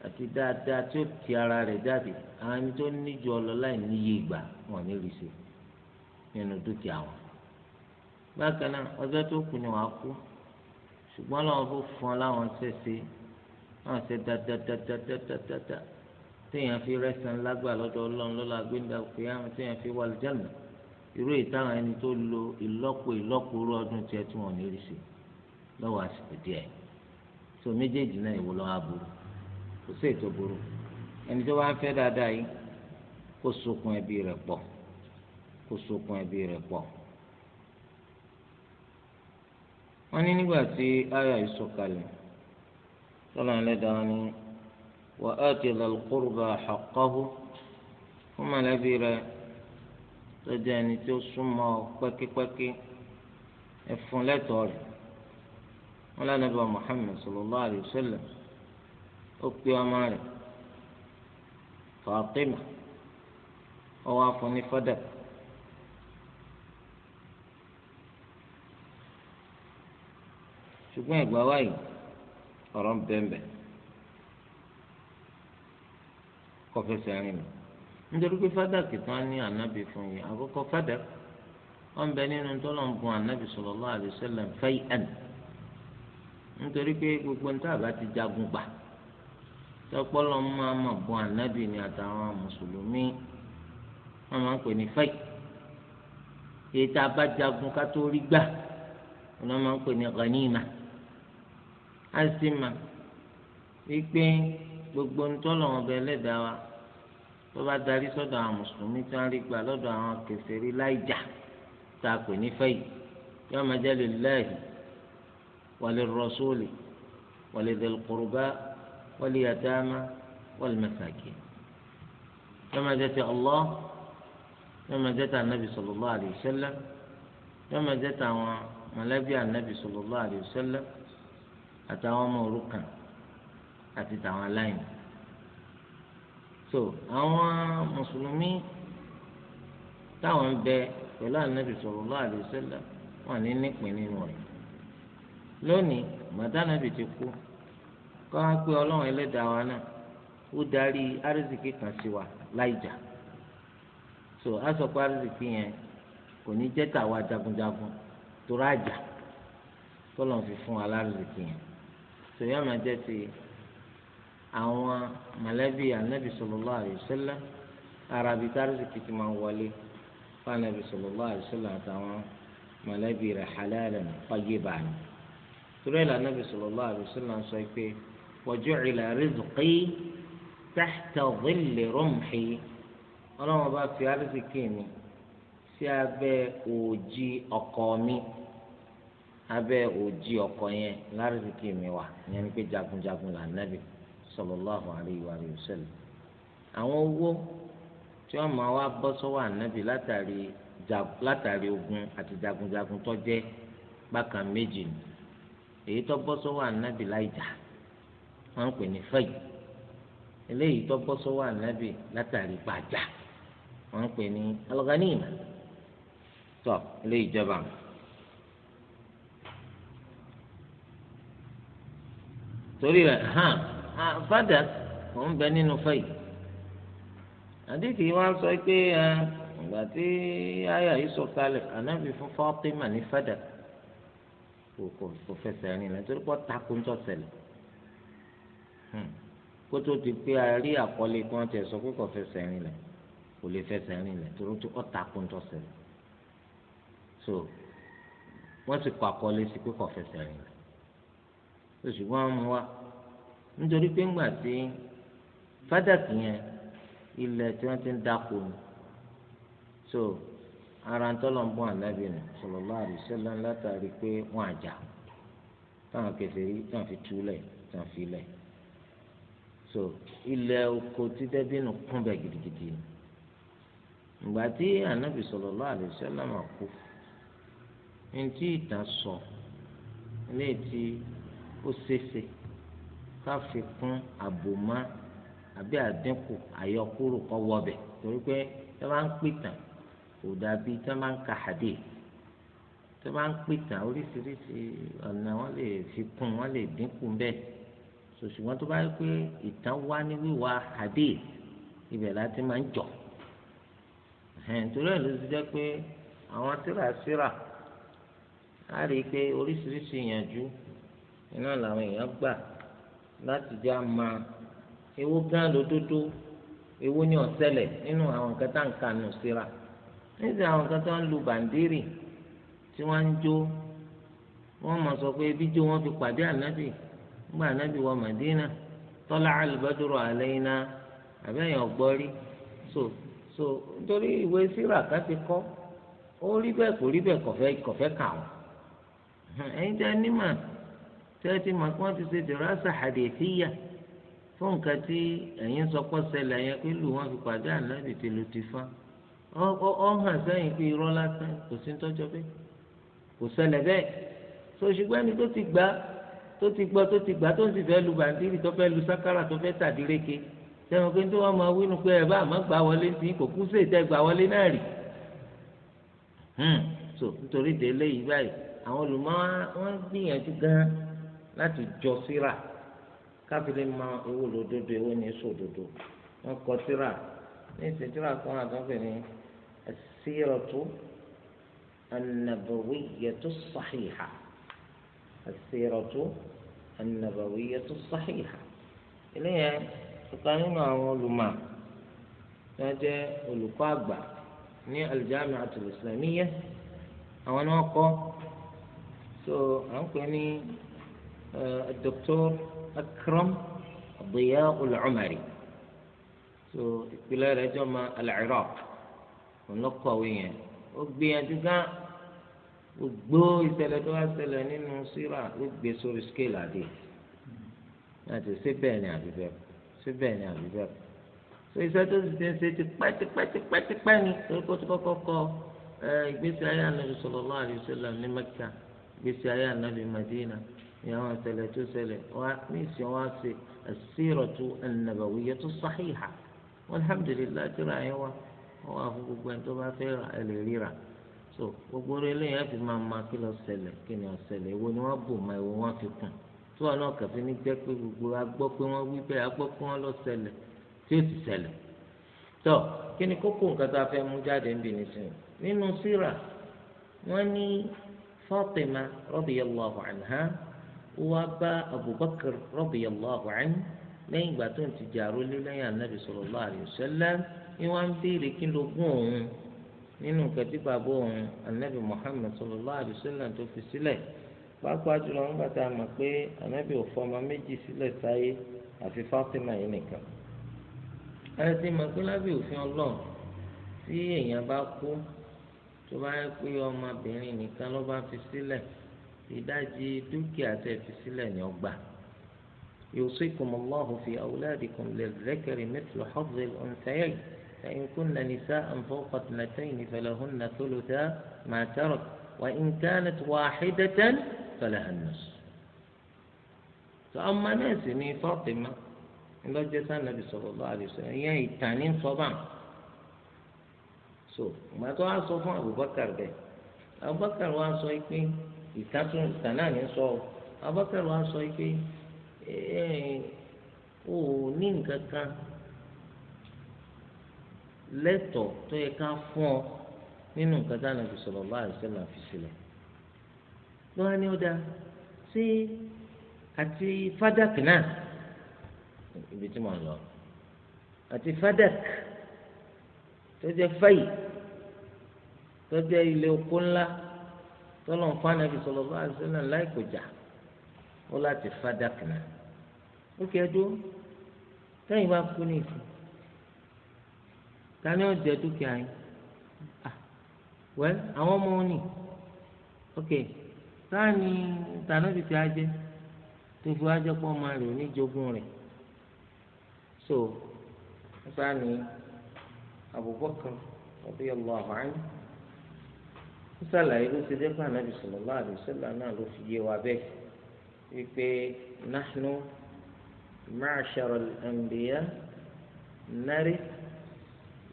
àti dáadáa tí ó ti ara rẹ̀ jáde àwọn ẹni tó níjọ ọlọ́lá ìníye ìgbà wọn ní rìsì nínú dúkìá wọn. bákan náà ọjọ́ tó kù ni wàá kú ṣùgbọ́n làwọn bó fún ọ láwọn ṣẹ̀ṣẹ̀ láwọn ṣe dáadáadáadáadáa téèyàn fi rẹ́sàn lágbà lọ́dọ̀ ọlọ́run lọ́la gbéńdà òkè àwọn téèyàn fi wà lìjànà irú ìtàwọn ẹni tó lo ìlọ́po ìlọ́po orú ọdún tiẹ̀ tí wọ́n ní rìsì lọ́wọ́ àsìkò díẹ̀ tó méjèèjì náà ìwò lọ́wọ́ aburú kò sí ètò burú ẹni tó bá ń fẹ́ dáadáa yìí kó sokùn ẹbí rẹ̀ pọ̀ kó sokùn ẹbí rẹ̀ pọ̀. wọ́n ní nígbà tí ayọ̀ yìí sọ̀kalẹ̀ tọ́lá ẹlẹ́dàá ni wà á ti lọ́ọ́ fún mọ̀lẹ́bí rẹ̀ tó jẹ́ ẹni tó súnmọ́ pẹ́kípẹ́kí wọn lànà bí wa Muhammad sallallahu alayhi wa sallam ó pe ọmọ rẹ̀ Fatima ọwọ́ afọ́ni fọ́dà. ṣùgbọ́n ẹ̀gbọ́n wa yìí ọ̀rọ̀ ń bẹ́ẹ̀ kọfẹsẹ̀ rìn lọ nítorí pé fádàkì tán ní ànábì fún yìí àkọ́kọ́ fádà wọn bẹ nínú tọ́lọ̀ ń bun ànábì sallallahu alaihi wasallam fẹ́ẹ́ nítorí pé gbogbo ní tábà ti jagun gbà tọpọlọ máa mọ bọ ànábì ni àtàwọn mùsùlùmí wọn máa ń pè ní fẹk èyí tá a bá jagun ká tó rí gbà wọn máa ń pè ní ghanima á sì mà wípé gbogbo ní tọ́lọ̀ wọn bẹ lẹ́dàá wa tó bá darí sọ́dọ̀ àwọn mùsùlùmí tí wọ́n rí gbà lọ́dọ̀ àwọn kèfèrí láìjà tá a pè ní fẹ́yì yọ́n máa jẹ́ lè lẹ́yìn. وللرسول ولذي القرباء واليتامى والمساكين كما جاءت الله كما جاءت النبي صلى الله عليه وسلم كما جاءت ملابي النبي صلى الله عليه وسلم أتاوى موركا أتتاوى لين. so àwọn mùsùlùmí táwọn ń bẹ pẹ̀lú ànábì sallallahu alaihi wasallam wọn ní lónìí màdánà bìí ti kú kọ́ á pé ọlọ́run ẹlẹ́dàá wa náà ó darí arísìkí kan sí wa láì jà so á sọ pé arísìkí yẹn kò ní jẹ́ tàwa jagunjagun tó rájà tọ́lọ̀ fi fún wa lárísìkí yẹn so yóò máa jẹ́ ti àwọn mọ̀lẹ́bí anabi sallallahu alaihi wasallam arabi tárísìkí ti máa wọlé fún anabi sallallahu alaihi àtàwọn mọ̀lẹ́bí rẹ̀ halalan tayyiban torí Ànábì sallallahu alaihi wasallam sọ pé wa ju'ila rizqi tahta dhilli rumhi ọlọ́run bá fi àrísìkí mi sí abẹ́ òjì ọkọ mi abẹ́ òjì ọkọ yẹn lárísìkí mi wà ìyẹn ni pé jagunjagun là Ànábì sallallahu alaihi wasallam àwọn owó tí wọ́n máa wá bọ́ sọ́wọ́ Ànábì látàrí ogun àti jagunjagun tó jẹ́ bákan méjì ni. èyí tó bọ́ sọ́wọ́ ànábì láìjà wọ́n ń pè ní fẹ́yì eléyìí tó bọ́ sọ́wọ́ ànábì látàrí gbàjà wọ́n ń pè ní eléyìí jọba. torí rẹ̀ hàn fada òun bẹ nínú fẹ́yì àdìsí wa sọ pé ìgbà tí àyà yìí sọ kalẹ̀ ànábì fún ní fada. kò fẹsẹ̀ rìn lẹ́yìn torí pọ́ takò ń tọ́ ṣẹlẹ̀ hmm. kó tó ti pé a rí àkọlé kí wọ́n ti sọ pé kò fẹsẹ̀ rìn lẹ̀ kò lè fẹsẹ̀ rìn lẹ̀ torí tó takò ń tọ́ ṣẹlẹ̀ so wọ́n sì kọ́ àkọlé sí pé kò fẹsẹ̀ rìn lẹ̀ so ṣùgbọ́n wọ́n mú wa nítorí pé ńgbà tí fádàkì yẹn ilẹ̀ tí wọ́n ti ń dáko ni so. ara ń tọ́lọ̀ ń bọ́ ànábì nù sallallahu alaihi látàrí pé wọ́n àjà táwọn táwọn fi túlẹ̀ táwọn fi lẹ̀ so ilẹ̀ oko títẹ́ kún bẹ́ẹ̀ gidigidi ìgbà tí ànábì sallallahu alaihi wasallam máa kú ní tí ìtàn sọ ní ti ó ṣeéṣe àbí àdínkù àyọkúrò kọ́ kò dàbí tí wọ́n máa ń ka hadith tí wọ́n máa ń pìtàn oríṣiríṣi ọ̀nà wọ́n lè fi kún wọ́n lè dínkù bẹ́ẹ̀ ṣùgbọ́n tó bá yẹ pé ìtàn wá ní wíwá hadith ibẹ̀ láti máa ń jọ torí ẹ̀ ló ti jẹ́ pé àwọn síraṣíra á rí i pé oríṣiríṣi ìyànjú iná làwọn èèyàn gbà láti já máa ewo gán lódodo ewo ní ọ̀sẹ̀lẹ̀ nínú àwọn nǹkan tá à ń kà síra. níbi àwọn kan tó ń lu bàǹdírì tí wọ́n ń jó wọ́n mọ̀ sọ pé ibi jó wọ́n fi pàdé ànábì nígbà ànábì tọ́lá so so nítorí ìwé síra ká ti kọ́ ó rí bẹ́ẹ̀ kò rí bẹ́ẹ̀ kọ̀fẹ́ kọ̀fẹ́ kà wọ́n ẹ̀yin tẹ́ nímọ̀ tẹ́ ti mọ̀ kí wọ́n ti ṣe dìrọ́sà àdèfíyà fún nǹkan tí ọ hàn sẹ́yìn pé irọ́ lásán kò sí tọ́jọ́ bẹ́ẹ̀ kò ṣẹlẹ̀ bẹ́ẹ̀ so ṣùgbọ́n ẹni tó ti gbà tó ti gbọ́ tó ti gbà tó ń sì fẹ́ lu bàǹdírì tó fẹ́ lu sákàrà tó fẹ́ tàdíréke sẹ́wọ̀n pé tí wọ́n máa wínú pé ẹ̀ bá àmọ́ gbà wọlé sí kò kú sí ìtẹ́ gbà wọlé náà rì hmm. so nítorí délé yìí báyìí àwọn olùmọ̀ wọn gbìyànjú gan láti jọ síra káfíńlẹ̀ mọ owó lòdodo owó ní sòdodo wọn kọ síra ní ìsèjúra kan àtọ́fẹ́ ni. السيرة النبوية الصحيحة السيرة النبوية الصحيحة إليها تقارن علماء نجا ولقابة ني الجامعة الإسلامية أو نوقع سو so à ń pè ní dr akram Diya al-Umari ọlọ́kọ̀wé yẹn ó gbìyànjú gán gbogbo ìṣẹ̀lẹ̀ tó wá ṣẹlẹ̀ nínú síra ó gbé sórí scale àdé láti síbẹ̀ ni àbíbẹ̀ síbẹ̀ ni àbíbẹ̀ so iṣẹ́ tó ti ṣe ti pẹ́tipẹ́tipẹ́tipẹ́ ni kó tó kọ́kọ́ kọ ìgbésí ayé ànábi sallallahu alaihi wasallam ní Mẹ́kà ìgbésí ayé ànábi Madina ní àwọn ìṣẹ̀lẹ̀ tó ṣẹlẹ̀ wá ní ìsìn wá sí as-siratu an-nabawiyyatu as-sahiha walhamdulillah tíra yẹn wá wọ́n wà fún gbogbo ẹni tó bá fẹ́ rà ẹ lè ríra so gbogbo orí eléyìí á fi máa ma kí lọ ṣẹlẹ̀ kí ni ọ̀ṣẹlẹ̀ èwo ni wọ́n bò ma èwo wọ́n fi kùn tí wọn náà kàfi ní jẹ́ pé gbogbo agbọ́ pé wọ́n wí bẹ́ẹ̀ agbọ́ pé wọ́n lọ ṣẹlẹ̀ tí ó ti ṣẹlẹ̀ tọ́ kí ni kókó nǹkan tá a fẹ́ mú jáde ń bì nísìnyí nínú síra wọ́n ní Fatima radiyallahu anha wọ́n bá Abubakar radiyallahu anhu lẹ́yìn ìgbà tó ń ti jà rólé lẹ́yìn Ànábì sallallahu alayhi sallam ni wọ́n ń béèrè kí ló gún òun nínú nǹkan tí bàbá òun anabi muhammed sallallahu alaihi wasallam tó fi sílẹ̀ pàápàá jùlọ wọn bàtà mọ̀ pé anabi ò fọmọ méjì sílẹ̀ sáyé àfi fatima yìí nìkan ẹni tí mọ̀ pé lábẹ́ òfin ọlọ́run tí èèyàn bá kú tó bá yẹ pé ọmọbìnrin nìkan ló bá fi sílẹ̀ ìdajì dúkìá tẹ̀ fi sílẹ̀ ni ọgbà. يوصيكم الله في أولادكم للذكر مثل حظ الأنثيين فإن كن نساء فوق اثنتين فلهن ثلثا ما ترك وإن كانت واحدة فلها النصف فأما ناس من فاطمة إن رجس النبي صلى الله عليه وسلم هي الثاني صبا سو ما تو أصوف أبو بكر به أبو بكر وأصوي كي يتاسون الثاني صو أبو بكر وأصوي كي إيه أو نين كذا lẹ́tọ̀ọ́ tó yẹ ká fún ọ nínú nǹkan tá ànábì sallallahu alaihi wasallam fi sílẹ̀ ló wá ní ọ̀dà sí àti fadak náà ibi tí mo ń lọ àti fadak tó jẹ́ fáyì tó jẹ́ ilé oko ńlá tọ́lọ̀ ń fún ànábì sallallahu alaihi wasallam láìkọjá ó láti fadak náà ó kẹ́ ẹ́ dúró sẹ́yìn bá kú ní ìfún tani ó jẹ dúkìá yín wẹ́n àwọn ọmọ òní ok sáàni tànàbì tí a jẹ tó fi wá jẹ pé ọmọ rẹ ò ní jogún rẹ so sáàni Abubakar radiyallahu anhu ó sàlàyé ló ṣe dẹ́gbà nàbì sallallahu alaihi wasallam náà ló fi yé wa bẹ́ẹ̀ wípé nahnu ma'shara al-anbiya narith.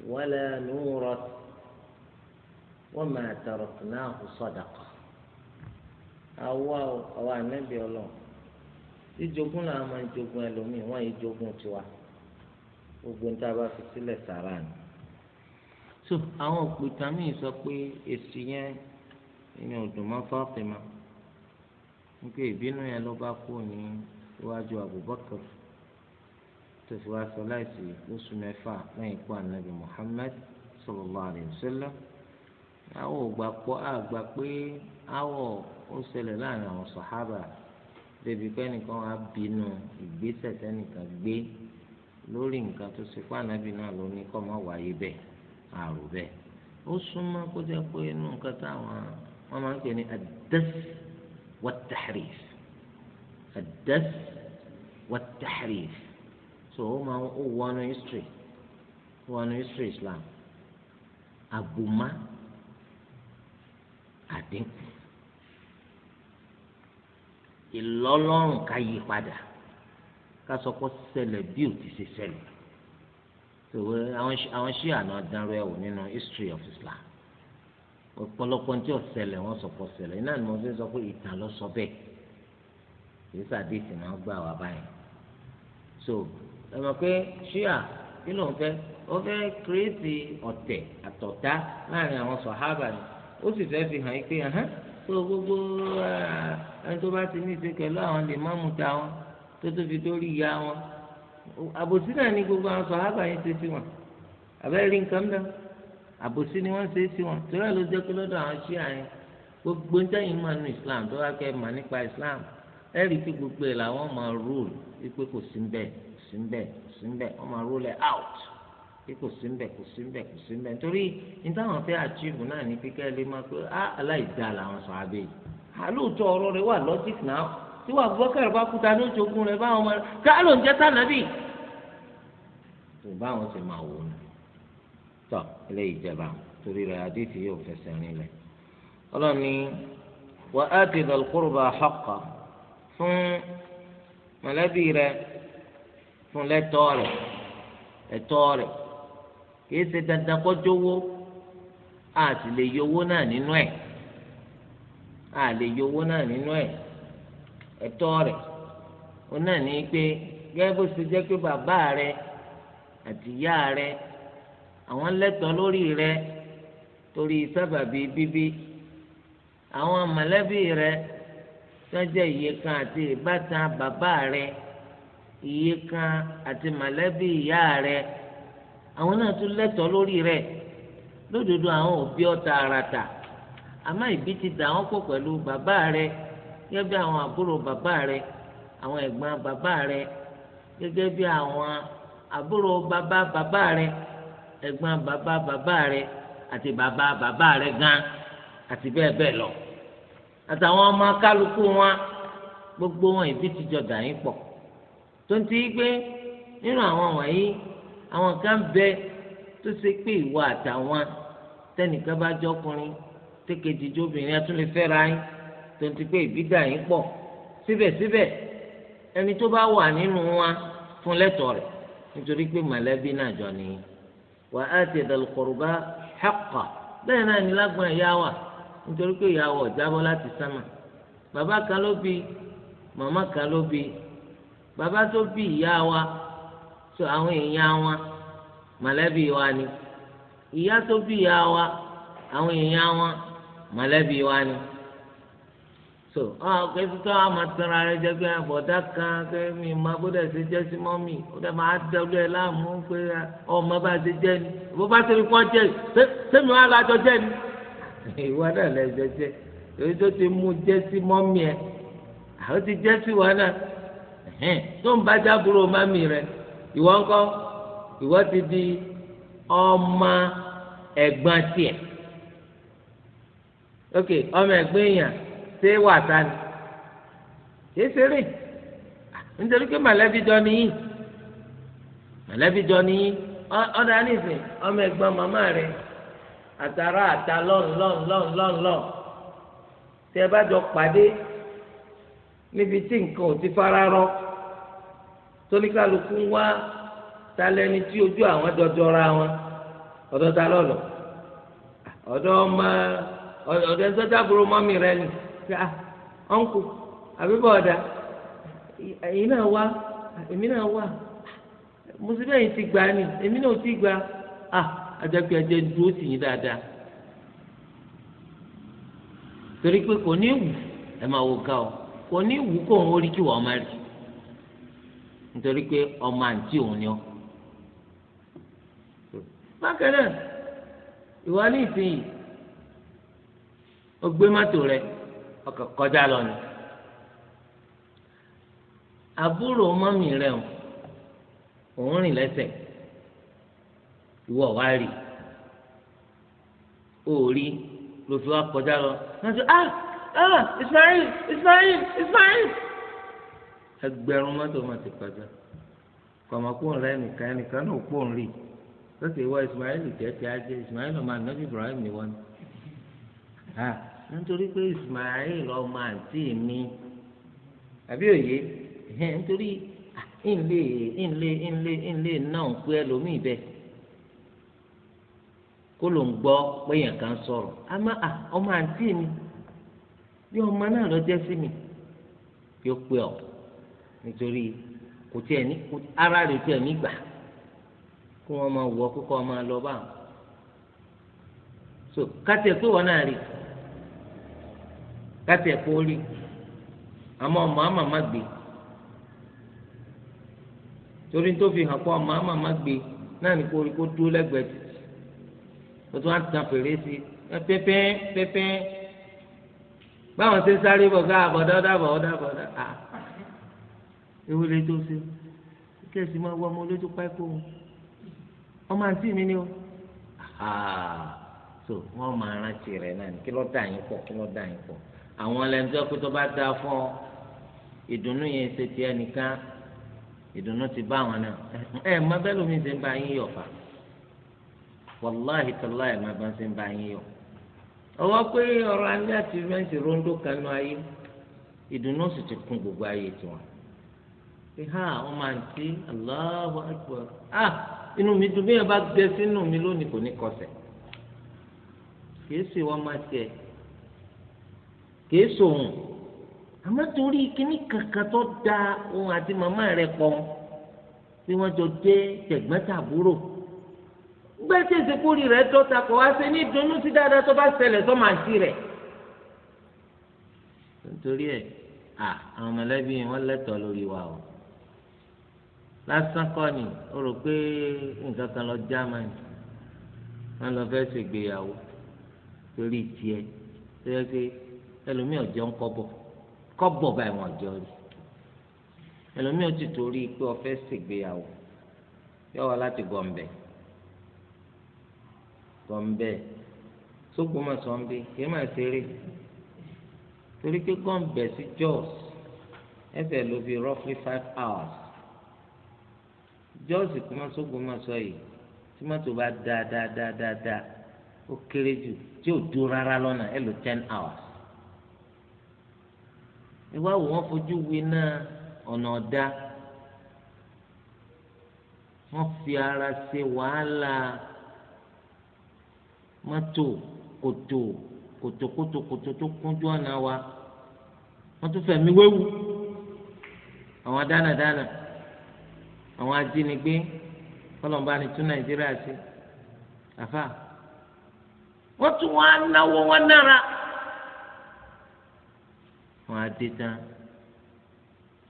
ولا نورث وما تركناه صدقة àwa àwa ànábì Ọlọ́run jíjogún làwọn máa ń jogún ẹlòmíì wọn yìí jogún tiwa gbogbo níta bá fi sílẹ̀ sàrà ni. so àwọn òpìtà míì sọ pé èsì yẹn ìyẹn ò dùn mọ́ Fátímà ìbínú yẹn ló bá kú ní iwájú Abubakar tó fi wá sọ láìsí lóṣù mẹ́fà lẹ́yìn ikú ànábì Muhammad sallallahu alaihi wasallam àwọn ògbà pọ̀ àgbà pé àwọ̀ ó ṣẹlẹ̀ láàrin àwọn sàhábà débi pé ẹnìkan wá bínú ìgbésẹ̀ tẹ́nìkan gbé lórí nǹkan tó ṣe pàànàbì náà ló ní kọ́ máa wáyé bẹ́ẹ̀ àrò bẹ́ẹ̀ ó súnmọ́ kó jẹ́ pé inú nǹkan táwọn wọ́n máa ń pè ní ad wa tahrif ad wa tahrif so ó máa ó wọnú history wọnú history islam àbùmá àdínkù ìlọ́lọ́run ká yí padà ká sọ pé ṣẹlẹ̀ bí ò ti ṣe ṣẹlẹ̀ tòwé àwọn ṣí àná dánrọ ẹ̀wò nínú history of islam ọ̀pọ̀lọpọ̀ tí ò ṣẹlẹ̀ wọ́n sọ pé ṣẹlẹ̀ iná ni mo fi sọ pé ìtàn lọ sọ bẹ́ẹ̀ kì í sàdéhìí máa gbà wá báyìí so ẹ̀mọ̀ pé ṣíà kí ló ń fẹ́ ó fẹ́ kírèsì ọ̀tẹ̀ àtọ̀tá láàrin àwọn sọ̀hábà ni ó sì fẹ́ fi hàn yín pé ẹ̀hán tó gbogbo eh, ẹni tó bá ti ní ìṣe pẹ̀lú àwọn lè má mú ta wọn tó tó fi dórí ìyá wọn àbòsí náà ni gbogbo àwọn sọ̀hábà yẹn ṣe sí wọn àbẹ́ rí nǹkan náà àbòsí ni wọ́n ṣe sí wọn torí ẹ̀ ló jẹ́ pé lọ́dọ̀ àwọn ṣíà yẹn gbogbo ntẹ́yìn máa nu Islam tó wá kẹ́ mà nípa Islam ẹ̀rí tí gbogbo ẹ̀ làwọn máa rúùlù wípé kò sí bẹ́ẹ̀ sí ń bẹ kò sí ń wọn máa roll out pé kò sí ń kò sí kò sí nítorí ní táwọn fẹ́ achieve náà ní kíkẹ́ lè máa pé á aláìdá làwọn sọ abẹ́ yìí àlóòótọ́ ọ̀rọ̀ rẹ wà logic náà tí wàá bá kúta ní rẹ báwọn ọmọ rẹ ń tànàbì tó báwọn torí rẹ àdéhìí yóò fẹsẹ̀ ọlọ́ni wà á ti fún mọ̀lẹ́bí rẹ. fún lẹ́tọ́ rẹ̀ ẹ̀tọ́ rẹ̀ kìí ṣe dandan kó jówó a sì lè yọ náà nínú ẹ̀ a lè náà nínú ẹ̀ ẹ̀tọ́ rẹ̀ náà ní pé gẹ́gẹ́ bó ṣe jẹ́ pé bàbá àti ìyá àwọn lẹ́tọ̀ọ́ lórí torí sábàbí iye kan àti mọ̀lẹ́bí ìyá rẹ àwọn náà tún lẹ́tọ̀ọ́ lórí rẹ lódodo àwọn òbí ọ̀tá àràtà àmọ́ ìbí ti dà wọ́n pọ̀ pẹ̀lú bàbá rẹ gẹ́gẹ́ bí àwọn àbúrò bàbá rẹ àwọn ẹ̀gbọ́n bàbá rẹ gẹ́gẹ́ bí àwọn àbúrò bàbá bàbá rẹ ẹ̀gbọ́n bàbá bàbá rẹ àti bàbá bàbá rẹ gan àti bẹ́ẹ̀ bẹ́ẹ̀ lọ àtàwọn ọmọ kálukú wọn gbogbo wọn ìbí ti jọ dà yín pọ̀ tó ń ti gbé nínú àwọn wọ̀nyí àwọn kan bẹ tó ṣe pé ìwọ àtàwọn tẹnìkan bá jọkùnrin tékejì jóbìnrin ẹ tún lè fẹ́ra yín tó ń ti pé ìbídà yín pọ̀ síbẹ̀síbẹ̀ ẹni tó bá wà nínú wa fún lẹ́tọ̀ọ́ rẹ̀ nítorí pé mọ̀lẹ́bí náà jọ nìyí wà á ti dal qurba haqqa bẹ́ẹ̀ náà ní lágbọn ẹ̀yà wà nítorí pé ìyàwó ọ̀jábọ́ láti sánmà bàbá kan ló bí màmá kan ló bí bàbá tó bí ìyá wa tó àwọn èèyàn wa mọ̀lẹ́bí wa ni ìyá tó bí ìyá wa àwọn èèyàn wa mọ̀lẹ́bí wa ni so ọ kò fi tọ́ àmọ́ tẹ́ra rẹ jẹ́ pé àbọ̀dá kan pé mi máa gbọ́dọ̀ ṣe jẹ́ sí mọ́mì ó dẹ̀ máa dẹ́lu ẹ̀ láàmú pé ọmọ bá ṣe jẹ́ ni bó bá ṣe kọ́ jẹ́ sẹ́mi wà lájọ jẹ́ ni ìwọ náà lẹ́jọ jẹ́ èyí tó ti mú jẹ́ sí mọ́mì ẹ̀ àwọn ti jẹ́ sí wọn náà ẹ̀hẹ́n tó ń bá jábúrò mami rẹ ìwọ ńkọ́ ìwọ ti di ọmọ ẹ̀gbọ́n tiẹ̀ ok ọmọ ẹ̀gbọ́n èèyàn ṣé wà tá ni ṣé ṣeré ah, nítorí pé mọ̀lẹ́bí jọ nìyí mọ̀lẹ́bí jọ nìyí ọ̀dà nísìn ọmọ ẹ̀gbọ́n màmá rẹ àtàrà àtà lọ́n lọ́n lọ́n lọ́n bá jọ pàdé níbi tí nǹkan ò ti fara rọ tóníkàlùkù ń wá talẹni tí ojú àwọn dọdọra wọn ọ̀dọ̀ ta lọlọ ọ̀dọ̀ ọmọ ọ̀dọ̀ ẹsẹdàbúrò mọmì rẹ ni ọńkù àbíbọ ọdà èyí náà wá èmi náà wá mùsùlùmí ẹ̀yìn ti gbà ni èmi náà ti gbà á ah, àjẹpẹ ẹjẹ dúró tì yín dáadáa torí pé kò ní wù ẹ máa wò ká o kò ní wù kó òun rí kí wọ́n máa rí nítorí pé ọmọ àǹtí òun ni ọ. bákan náà ìwà ní ìsinyìí ó gbé mọ́tò rẹ ọkọ̀ kọjá lọ ni àbúrò mọ́mì rẹ ò òun rìn lẹ́sẹ̀ ìwọ wá rí ó rí ló fi wá kọjá lọ náà sọ ah ah Ismail Ismail Ismail. ẹgbẹ̀rún mọ́tò máa ti kọjá kọ̀mọ̀kún rẹ nìkan ẹnìkan náà pò ń rì lọ́sẹ̀ ìwọ Ismail jẹ́ ti ajé Ismail ọmọ anabi Ibrahim ni wọ́n nítorí pé Ismail ọmọ àǹtí mi àbí òye nítorí ìnlé ìnlé ìnlé ìnlé náà ń pé ẹlòmíì bẹ́ẹ̀ kó ló ń gbọ́ péyàn kan ọmọ àǹtí mi bí ọmọ náà lọ jẹ́ sí mi yóò nítorí kò tiẹ̀ ní ara rẹ̀ tiẹ̀ nígbà kí wọ́n máa wọ kókó ọmọ lọ bá wọn. so kátìẹ̀ pé wọ́n náà rí kátìẹ̀ pé ó rí àmọ́ ọmọ àmà má gbé torí tó fi hàn pé ọmọ àmà má gbé náà ní kó rí kó dúró lẹ́gbẹ̀ẹ́ títì o tún á tan fèrè sí pẹ́pẹ́ pẹ́pẹ́ báwọn ṣe sáré bọ̀ ká àbọ̀dá dábọ̀ dábọ̀ dábọ̀ dábọ̀ èwo lè tó ṣe kẹ́sì máa wọ ọmọ olójú pákó ọmọ àǹtí mi ni o so wọ́n máa rántí rẹ̀ náà kí ló dà yín pọ̀ kí ló dà yín pọ̀ àwọn ẹlẹ́ni tó pé tó bá dáa fún ọ ìdùnnú yẹn ṣe ti ẹnìkan ìdùnnú ti bá àwọn náà ẹ má bẹ́ẹ̀ lómi ṣe ń bá yín yọ̀ fà wàláhì tọ́lá ẹ̀ má bẹ́ẹ̀ ṣe ń bá yín yọ̀ ọwọ́ pé ọ̀rọ̀ alẹ́ àti rẹ́ǹtì ròǹdó kanú ayé ìdùnnú sì ti kún gbogbo ayé tiwọn pé ha àwọn máa ń tí Allahu Akbar ah inú mi dùn bí yẹn bá gbẹ sínú mi lónìí kò ní kọsẹ̀ kìí sì wọ́n máa tiẹ̀ kìí sòun àmọ́ torí kíní kankan tó da òun àti màmá rẹ̀ pọ̀ tí wọ́n jọ dé tẹ̀gbọ́n-tàbúrò gbẹ́sẹ̀ ìsìnkúri rẹ̀ dọ́ta kò wá sí ní dunnú sí dáadáa tó bá ṣẹlẹ̀ tó máa ti rẹ̀ nítorí ẹ̀ àwọn mọ̀lẹ́bí wọn lẹ́tọ̀ọ́ lórí wa o lásán kọ́ ni o rò pé nǹkan kan lọ Germany wọn lọ fẹ́ ṣègbéyàwó torí tiẹ̀ tó yẹ pé ẹlòmíì ọjọ́ ń kọ́bọ̀ kọ́bọ̀ báyìí wọn ọjọ́ rí ẹlòmíì ti torí pé o fẹ́ ṣègbéyàwó yọ wá láti gọ̀m̀bẹ̀ gọ̀m̀bẹ̀ sókùn máa sọ ń bí kí máa ṣeré torí pé gọ̀m̀bẹ̀ sí Jos ẹsẹ̀ ló fi roughly five hours jọ́ọ̀sì kó má sógun má sọ yìí tí mọ́tò bá da da da da da ó kéré jù tí ò dúró rárá lọ́nà ẹ lò ten hours. ìwà wò wọ́n fojú wi náà ọ̀nà ọ̀dá wọ́n fi ara ṣe wàhálà mọ́tò kòtò kòtòkòtò kòtò tó kúnjú ọ̀nà wa wọ́n tún fẹ̀mí wéwu àwọn dánadáná. Dana àwọn ajínigbé kọlọmbà ni tún nàìjíríà sí àfà wọ́n tún wá náwó wọn nára wọ́n á dé tán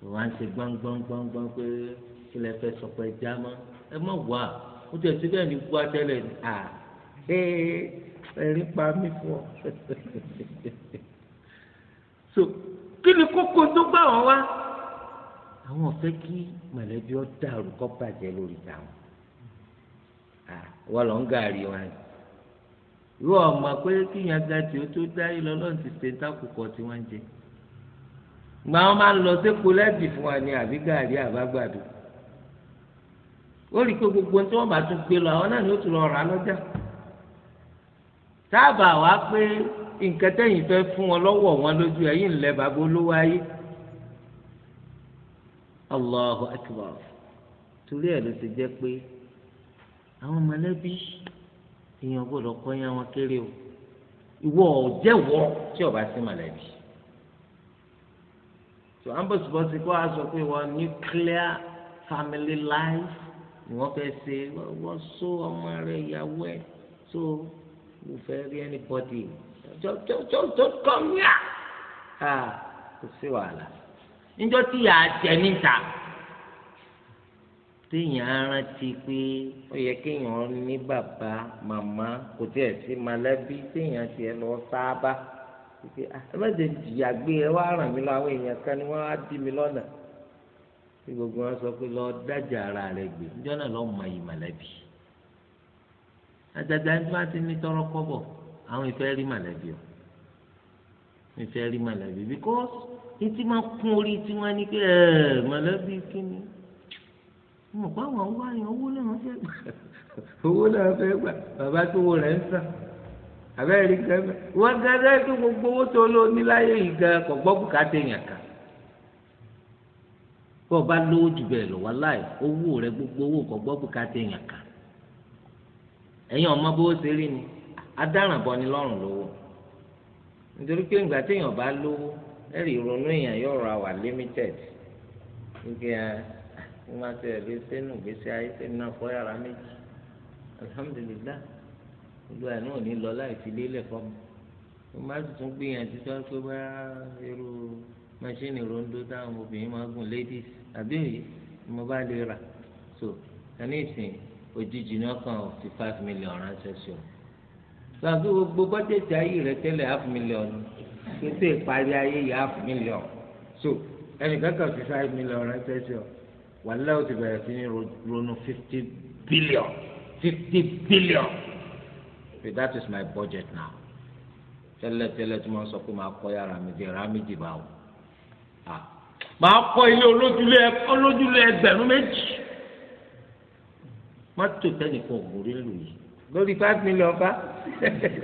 wọ́n á ń ṣe gbọngbọngbọngbọn pé kí lè fẹ́ sọpọ ẹja mọ ẹ mọ wá ó jẹ síbẹ̀ ní gbọ́ tẹ́lẹ̀ ní à ee ẹ̀rí pa mí fún ọ. so kí ni kókó tó gbà wọ́n wá àwọn ò fẹ́ kí mọ̀lẹ́bí ọ dàrú kọ́ bàjẹ́ lórí táwọn wọ́n lọ ń gàrí wọn ni ìwọ ọmọ pé kíyàn ga tí ó tó dá yìí lọ́lọ́run ti ṣe tákùkọ tí wọ́n ń jẹ gbà wọn máa ń lọ sépo lẹ́bì fún wa ni àbí gàrí àbágbàdo ó rí i pé gbogbo tí wọ́n bá tún gbé lọ àwọn náà ni ó tún lọ rà lọ́jà táàbà wá pé nǹkan tẹ́yìn fẹ́ fún wọn lọ́wọ́ wọn lójú ẹ̀yìn ńlẹ̀ bàbá olówó ayé. Allahu akbar torí ẹ̀ ló ti jẹ́ pé àwọn mọ̀lẹ́bí èèyàn gbọ́dọ̀ kọ́yìn àwọn kéré o ìwọ ò jẹ́wọ́ tí o sí mọ̀lẹ́bí tó à kó a sọ pé wọ́n nuclear family life ni wọ́n fẹ́ ṣe wọ́n so ọmọ rẹ̀ ìyàwó ẹ̀ so wò fẹ́ rí anybody just just just come here ah kò sí wàhálà níjọ́ tí yàá jẹ níta téèyàn arántí pé ó yẹ kéèyàn ní bàbá màmá kò tiẹ̀ sí malẹ́bí téèyàn tiẹ̀ lọ sáábà pé ah, ẹ má ṣe jìyà gbé ẹ wá ràn mí lọ àwọn èèyàn kan ni wọ́n á dí mi lọ́nà tí gbogbo wọn sọ pé lọ dájà ara rẹ gbé níjọ́ náà lọ mọ iyì malẹ́bí àjàjà ẹni bá ti ní tọrọ kọ́bọ̀ àwọn ìfẹ́ rí malẹ́bí o ìfẹ́ rí malẹ́bí because. etí máa kún orí tí wọ́n ní pé ẹ̀ mọ̀lẹ́bí kíni mo kọ́ àwọn owó àyàn owó náà fẹ́ gbà owó náà fẹ́ gbà bàbá tó wọ rẹ̀ ń sà àbẹ́rẹ́ rí gẹ́gẹ́ wọ́n gẹ́gẹ́ kí gbogbo owó tó lò níláyé yìí gan kò gbọ́ bùkátà lówó jù bẹ́ẹ̀ lọ wá láì owó rẹ gbogbo owó kò ẹ̀yin ọmọ bó ṣe rí ni ni lọ́rùn lówó nítorí pé ìgbà ẹ̀rí ìrònú èèyàn yóò ra wà limited nígbà tí wọ́n ti ẹ̀rí sínú gbèsè ayé sínú náà fọ́ yàrá méjì alhamdulilah gbogbo ẹ̀ náà ní lọ láì fi lélẹ̀ fọ́ mi wọ́n máa tún gbìyànjú tó ń pé bá irú mẹ́ṣíìnì rondo táwọn obìnrin máa gùn ladies àbí òye ni mo bá lè rà so ẹni ìsìn òjijì ní ọkàn fifty five million ránṣẹ́ sí ọ. sàbí gbogbo bọ́jẹ̀tì ayé rẹ tẹ́lẹ̀ half million kété ìparí ayé yà fún mílíọ̀n so ẹnìkan kan fi five million ránṣẹ́ sí ọ wàlẹ́ o ti bẹ̀rẹ̀ sí ní ronú fifty billion fifty billion so that is my budget now tẹ́lẹ̀tẹ́lẹ̀ tí wọ́n sọ pé màá kọ́ yàrá méjì yàrá méjì báwo màá kọ́ ilé olójúlé olójúlé ẹgbẹ̀rún méjì mọ́tò tẹ́nìkan ògùn rí lù yìí lórí five million fa.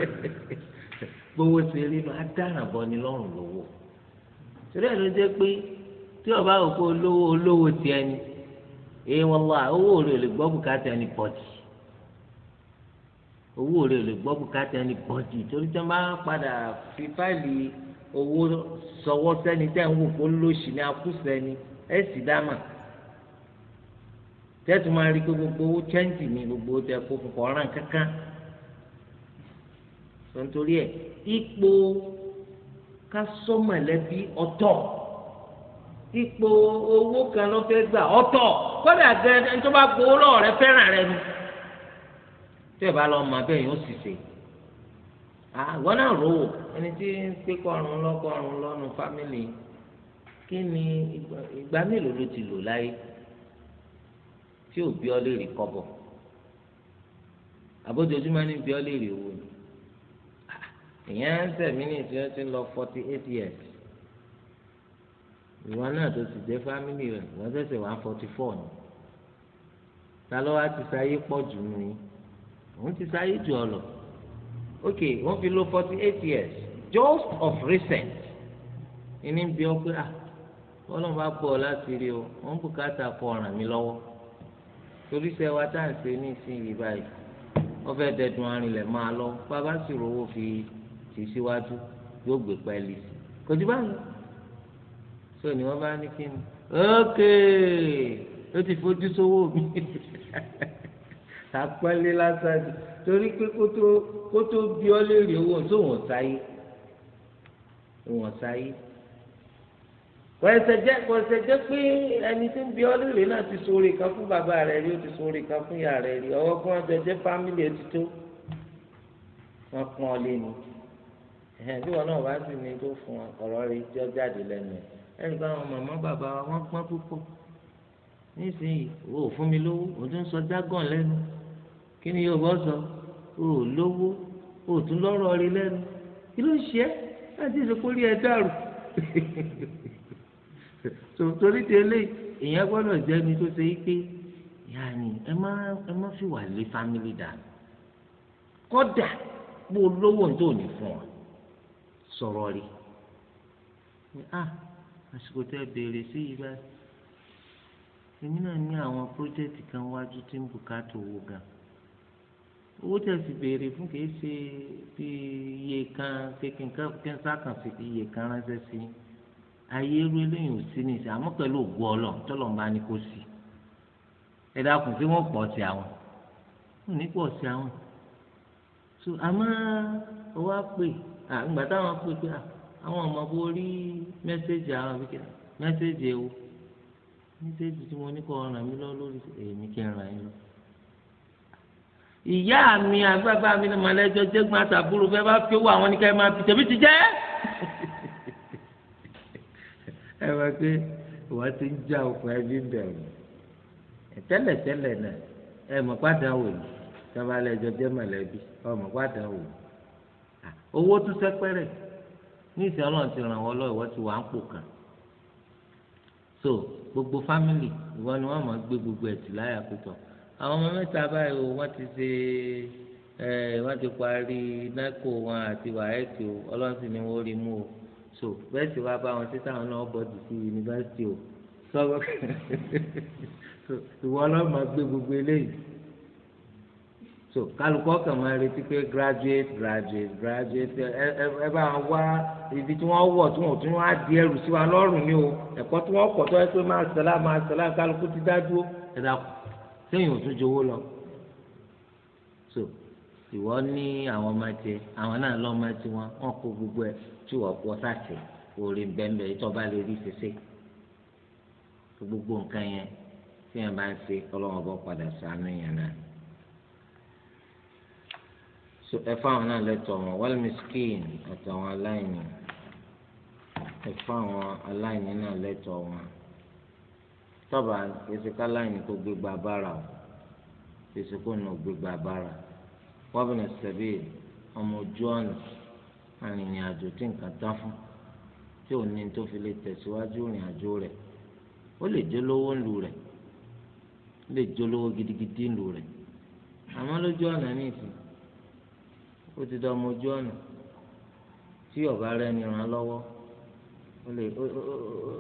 gbowó ṣe rí nu adáràn bọ ni lọ́rùn lówó torí ló ọba òkú olówó olówó wọn lọ owó rẹ ò lè gbọ́ bùkátà owó rẹ ò lè gbọ́ bùkátà ẹni pọ̀jì torí tí owó sọwọ́ sẹ́ni tẹ́ ń wò kó lóṣì ní akúsẹ́ni ẹ̀ sì gbogbo owó chẹ́ǹtì gbogbo kó nítorí ẹ̀ ipò kásọ́mọ̀lẹ́bí ọtọ ipò owó kan ló fẹ́ gbà ọ̀tọ̀ kọ́dà gẹ́gẹ́ ẹni tó bá gbowó lọ́wọ́ rẹ fẹ́ràn rẹ ni tó bá lọ mọ abẹ́ yóò sì ṣe àwọn náà rò wò ẹni tí ń pé kọrùn fámìlì kí ni ti lò láyé tí òbí ọ lè rí kọ́bọ̀ àbójoojúmọ́ ní bí ọ lè rí ìyẹn ń tẹ̀mí ní ìṣe ó ti lọ forty eight years ìwọ náà tó sì dé fámìlì rẹ̀ wọ́n ṣẹ̀ṣẹ̀ wá forty four ni ta ló wá ti sáyé pọ̀ jù nù yín òun ti sáyé jù ọ lọ ok wọ́n fi lọ forty eight years just of recent ìní bí ọ pé ah wọ́n lọ́n bá bọ̀ láti rí o wọ́n bùkátà kọ ọ̀ràn mi lọ́wọ́ torí sẹ́ wa tá à ń ṣe ní ìsinyìí báyìí wọ́n fẹ́ dẹ̀dùn arìnlẹ̀ máa lọ bàbá sì rówó fi sí síwájú yóò gbé pẹ́ẹ́lí sí kò jù báyìí so ni wọ́n bá ní kí ni ókè ó ti fojú sówó mi àpẹẹlẹ lásán ni torí pé kótó kótó bí ọ léèrè owó tó wọ́n sáyé wọ́n sáyé kọ̀ọ̀sẹ̀jẹ́ kọ̀ọ̀sẹ̀jẹ́ pé ẹni tí ń bí ọ léèrè náà ti sóore kan fún bàbá rẹ̀ rí ó ti sóore kan fún ìyá rẹ̀ rí ọwọ́ kí wọ́n jẹ́ fámìlì ẹ̀ wọ́n pọ́n lé ni ẹ̀hẹ́n tí wọn náà wá sí ni tó fún ọ̀rọ̀ rẹ̀ tí ó jáde lẹ́nu ẹ̀ ẹ̀rí bá wọn màmá bàbá wọn pọ́n púpọ̀ nísìnyí o ò fún mi lówó o tún sọ jágàn lẹ́nu kí ni yóò bọ́ sọ o ò lówó o ò tún lọ́rọ̀ rí lẹ́nu kí ló ń ṣe ẹ́ láti ìsopórí ẹ dàrú torí ti eléyìí èèyàn gbọ́dọ̀ jẹ́ ẹni tó ṣe é pé yàní ẹ má ẹ má fi wà lé fámìlì dànù kódà bó lówó tó ní fún wa sọ̀rọ̀ rí ni a àsìkò tẹ béèrè sí yìí báyìí èmi náà ní àwọn pírójẹ́tì kan wájú tí ń bùkátà owó gan owó tẹ̀ sì béèrè fún kìí ṣe bí iye kan kékeré kẹ́ńsà kan fi iye kan ránṣẹ́ sí ayé irú eléyìí ò sí nìyí àmọ́ pẹ̀lú ògbó ọlọ tọ́lọ̀ ń bá ní kó sí ẹ dákun tí wọ́n pọ̀ sí àwọn wọ́n ní pọ̀ sí àwọn so àmọ́ owó á pè é àgbà táwọn pè pé àwọn ọmọ bó rí mẹ́sẹ̀gì àwọn àbíkẹ́ mẹ́sẹ̀gì ewu mẹ́sẹ̀gì tí mo ní kọ́ ràn mí lọ lórí èmi kí n ràn yín lọ. ìyá mi àgbàgbà mi ni màlẹ́jọ jẹ́gbọ́n àtàbúrò fẹ́ bá fi owó àwọn nìkan ẹ̀ máa fi tẹ̀mí ti jẹ́. ẹ wá pé wọ́n ti ń já òkú ẹbí bẹ̀rù tẹ́lẹ̀tẹ́lẹ̀ náà ẹ mọ̀ pàdánwò ni tábàlẹ́jọ jẹ́ mọ̀lẹ́bí ọ mọ̀ pàdánwò ni owó tún sẹ́pẹ́rẹ́ ní ìsìn ọlọ́run ti ràn wọ́n lọ ìwọ ti wà ń pò kàn so gbogbo fámìlì ìwọ ni wọ́n máa gbé gbogbo ẹ̀tì láyà pípọ̀ àwọn ọmọ mẹ́ta báyìí o wọ́n ti ṣe ẹ wọ́n ti parí nẹ́kò wọn àti wàhẹ́kì o ọlọ́run sì ni wọ́n rí mú o so bẹ́ẹ̀ sì wá bá wọn títà wọn náà bọ́dù sí yunifásitì o sọ́wọ́ ìwọ ọlọ́run máa gbé gbogbo eléyìí so kálukọ́ kàn máa retí pé graduate graduate graduate ẹ ẹ ẹ bá wọn wá ibi tí wọ́n wọ̀ tí wọ́n tún wá di ẹrù sí wa lọ́rùn ni o ẹ̀kọ́ tí wọ́n kọ̀ tó ẹ pé máa sẹ́lá máa sẹ́lá kálukú ti dá dúró ẹ dàkú sẹ́yìn ò tún jowó lọ so ìwọ ní àwọn ọmọ ẹtì àwọn náà lọ ọmọ ẹtì wọn wọn kó gbogbo ẹ tí wọ́n kọ́ sáàtì orí bẹ́ẹ̀nbẹ́ẹ́ ìtọ́ba lè rí ṣẹṣẹ́ gbogbo nǹkan yẹn tí yẹn bá ń ṣe ọlọ́wọ́n bọ́ padà sànú yẹn náà. ẹ̀fọ́ àwọn náà lẹ́tọ̀ wọn wal miskin àtàwọn aláìní ẹ̀fọ́ àwọn aláìní náà wọn tọ́ba ìsìnká aláìní kò gbégbá bára o ìsìnkú nù gbégbá bára wọ́n na sẹ́bí ọmọ ojú ọ̀nà arìnrìn àjò tí nǹkan tán fún tí ò ní tó fi lè tẹ̀síwájú ìrìn àjò rẹ̀ ó lè gidigidi lu rẹ̀ àmọ́ lójú ọ̀nà ní ó ti dá ọmọ ojú ọ̀nà tí ọ̀bá rẹ̀ ní ràn án lọ́wọ́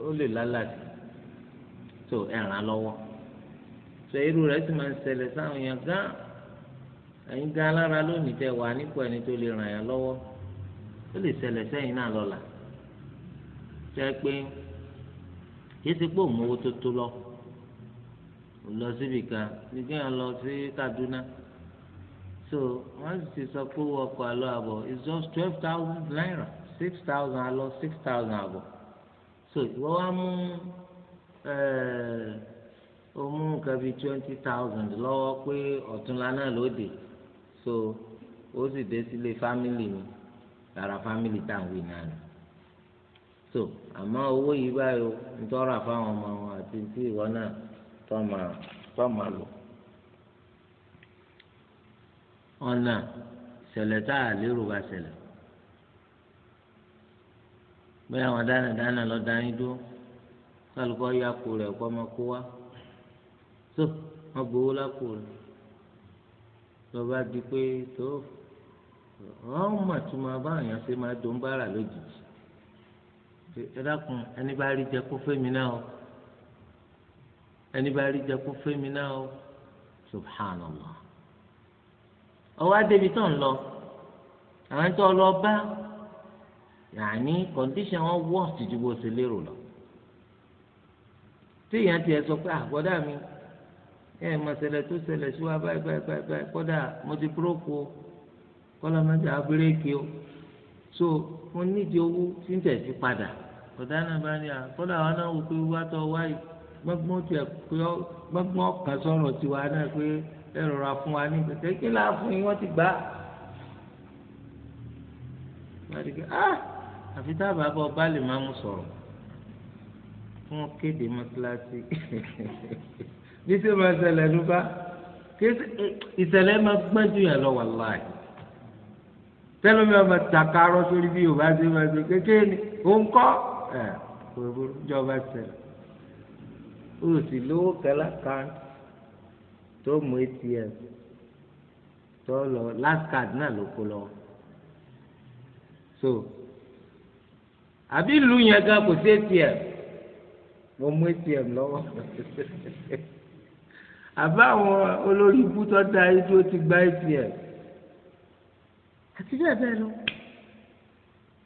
ó lè lálàdì tó ẹ̀ràn án lọ́wọ́ tó irú rẹ̀ sì máa ń ṣẹlẹ̀ sáwọn èèyàn gán ẹ̀yin gán lára lónìí tẹ wà nípò ẹni tó lè ràn yàn lọ́wọ́ ó lè ṣẹlẹ̀ sẹ́yìn náà lọ́la tẹ́ pé lọ lọ síbi kan lọ sí Kaduna. so ssowoalụbụọ izo 12,000 i 6,000 al 6,000 ọ so 20,000 ụmụkabi pe t lọpo otulanalode so si le famili lara famili ta wir so amaoweyibo ntrafhụmanwụ201 tomalụ ọ̀nà ìṣẹ̀lẹ̀ tá a lérò bá ṣẹlẹ̀ bẹ́ẹ̀ àwọn dáná dáná lọ dání dúró kálukọ́ ya kó rẹ̀ kọ́ ọmọ kó wá tó wọ́n gbowó lápò rẹ̀ lọ́ba di pé tó wọ́n mà tún máa bá àyàn ṣe máa dùn bára lójijì ẹ dákun ẹni bá rí jẹ kó fẹ́mi náà o ẹni bá rí jẹ kó fẹ́mi náà o subhanallah ọwọ́ adébi tó ń lọ àwọn tó lọ bá yàní kọ̀ǹdíṣàn wọn wọ́ọ̀sì ju bó ṣe lérò lọ tí èèyàn tiẹ̀ sọ pé àgbọ́dá mi ẹ ẹ̀ mọ̀sẹ̀lẹ̀ tó ṣẹlẹ̀ sí wa báyìí báyìí báyìí báyìí mo ti búrókù o kọ́lá mẹ́ta abúrékì o so mo nídìí owó tí ń tẹ̀sí padà kọ́dà náà bá ní à kọ́dà wa náà wò pé wá tọ́ wáyìí gbọ́ngbọ́n tiẹ̀ pé gbọ́ngbọ́n kan sọ̀rọ̀ tiwa náà pé ẹ rọra fún wa ní gbèsè kí là á fún yín wọ́n ti gbà á. Ah! àfi dábàá bọ́ bá lè máa mú sọ̀rọ̀ fún kéde mọ́tíláṣí bí sèé máa ṣẹlẹ̀ ló bá eh, ìṣẹ̀lẹ̀ máa gbọ́n jù yàn lọ wà láì tẹlifí ọmọ takarọ sórí bí yorùbá ṣe máa ṣe kékeré ni òun kọ́ ẹ̀ eh, kò burú jọba o sì lówó kẹlá kan tó mú atm tó lọ last card náà ló kó lọ so àbí ìlú yẹn gan kò sí atm mo mú atm lọ́wọ́ àbá àwọn olórí ikú tó da ayé tó ti gba atm àti bẹ́ẹ̀ bẹ́ẹ̀ lọ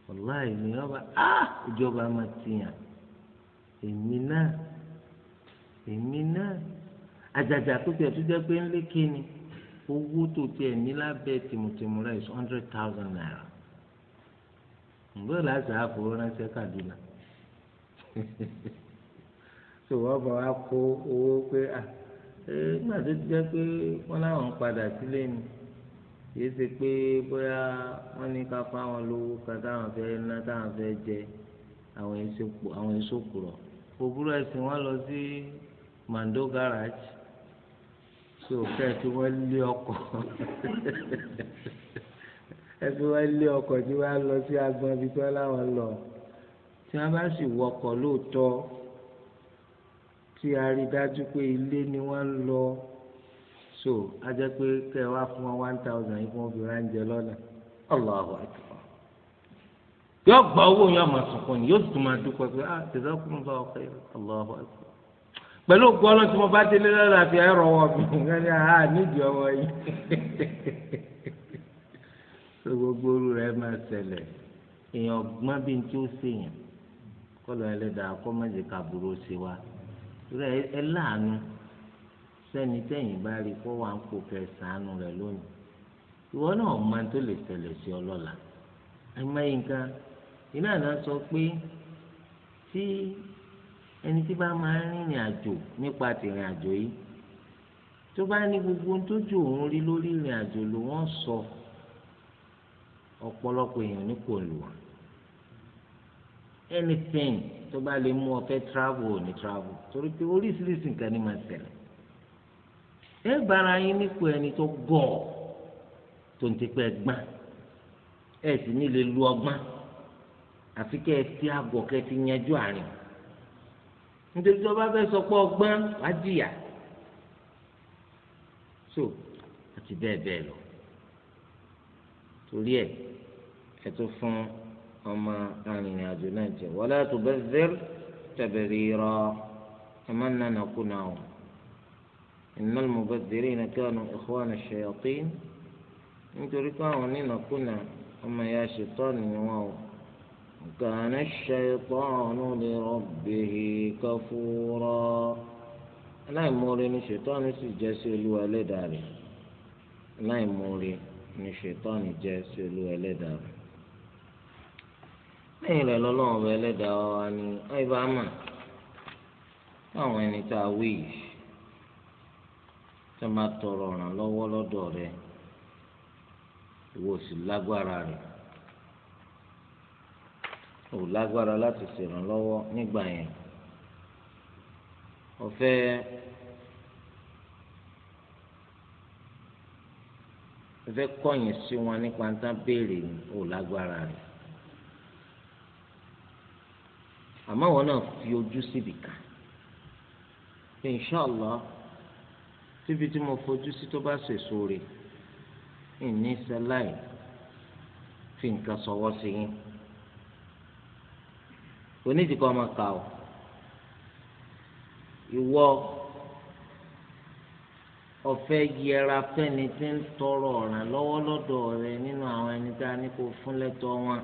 wàláì ní ọba á ah, ìjọba máa ti èmi náà èmi náà àjàjà tó tiẹ̀ tó jẹ́ pé ń lé kíni owó tó tiẹ̀ ní lábẹ́ tìmùtìmù rẹ̀ is hundred thousand naira ǹgbọ́n làásà àfọwọ́ ránṣẹ́ Kaduna tó wọ́n bọ̀ wá kó owó pé à nígbà tó ti jẹ́ pé wọ́n láwọn ń padà sílé ni kì í ṣe pé bóyá wọ́n ní ká fún àwọn lówó kan táwọn fẹ́ ná táwọn fẹ́ jẹ àwọn èso kùrọ̀ òbúrò ẹ̀sìn wọn lọ sí Mando garage so kẹ́ ẹ fi wọ́n lé ọkọ̀ ẹ fi wọ́n lé ọkọ̀ tí wọ́n á lọ sí agbọn ibi tí wọ́n láwọn lọ tí wọ́n bá sì wọkọ̀ lóòótọ́ tí a rí dájú pé ilé ni wọ́n ń lọ so a jẹ́ pé kẹ́ ẹ wá fún wọn one thousand yìí kí wọ́n fi ránjẹ lọ́nà Allahu akbar yóò gba owó yóò máa sọ̀kọ́ ni yóò sì tún máa dúpọ̀ pé ah tẹ̀sán kúrò bá ọkọ̀ yìí Allahu akbar pẹ̀lú gbọ́lọ́ tí mo bá délé lọ́la fi ẹ̀rọ wọ̀ mí ní àá nídìí ọwọ́ yìí so gbogbo olú rẹ̀ máa ṣẹlẹ̀ èèyàn ọgbọ́n bí n tí ó ṣèyàn kọ́lọ̀ ẹlẹ́dàá kọ́ má jẹ́ ká burú sí wa rẹ̀ ẹ láàánú sẹ́ni tẹ̀yìn bá rí kó wà ń kó kẹ́ sàánú rẹ̀ lónìí ìwọ náà máa tó lè ṣẹlẹ̀ sí ọ ẹ̀ máa yín ká iná sọ pé tí ẹni tí bá máa ń rìnrìn àjò nípa tìrìn àjò yìí tó bá ní gbogbo ohun tójú òun rí lórí ìrìn àjò ló wọ́n sọ ọ̀pọ̀lọpọ̀ èèyàn ní kò lù wá anything tó bá lè mú ọ travel ní travel torí pé oríṣiríṣi nǹkan ni máa ṣẹlẹ̀ ẹ bára yín nípò ẹni tó gọ̀ ọ́ tó ń tipẹ́ gbọ́n ẹ sì ní lè lu ọgbọ́n àfi kẹ́ ẹ fi àgọ̀ kẹ́ ẹ ti yanjú àárín nítorí tí wọ́n bá fẹ́ sọ pé ọgbọ́n wá jìyà so àti bẹ́ẹ̀ bẹ́ẹ̀ lọ torí ẹ̀ ẹ tó fún ọmọ arìnrìnàjò náà jẹ wala tubadhir tabdhira ẹ má nánà kú náà o innal mubadhirina kanu ikhwana ash-shayatin nítorí pé àwọn onínàkúnà ọmọ ìyá ṣètọ́ọ̀nù ni wọ́n o. وكان الشيطان لربه كفورا aláìmoore ni ṣètọ́ni sì jẹ́ sí olúwa ni jẹ́ sí olúwa ẹlẹ́dàá ọba wa ni àìbámà táwọn ẹni tá a wí yìí máa tọrọ ọ̀ràn lọ́wọ́ lọ́dọ̀ lágbára rẹ̀ ò lágbára láti ṣèrànlọ́wọ́ nígbà yẹn ọ̀fẹ́ ọ̀fẹ́ kọ̀yìn sí wọn nípa ń tán béèrè ní ò lágbára rẹ̀ àmọ́ wọn náà fi ojú síbi kan pé inṣọ́ọ̀lá síbi tí mo fojú sí tó bá ṣèṣore ìní sẹ́láì fi nǹkan sọwọ́ sí yín. onídìíkọ ọmọ kà ó ìwọ ọfẹ yẹra fẹ́ni tí ń tọrọ ọ̀ràn lọ́wọ́ lọ́dọ̀ rẹ nínú àwọn ẹni tá a ní kó fún lẹ́tọ̀ọ́ wọn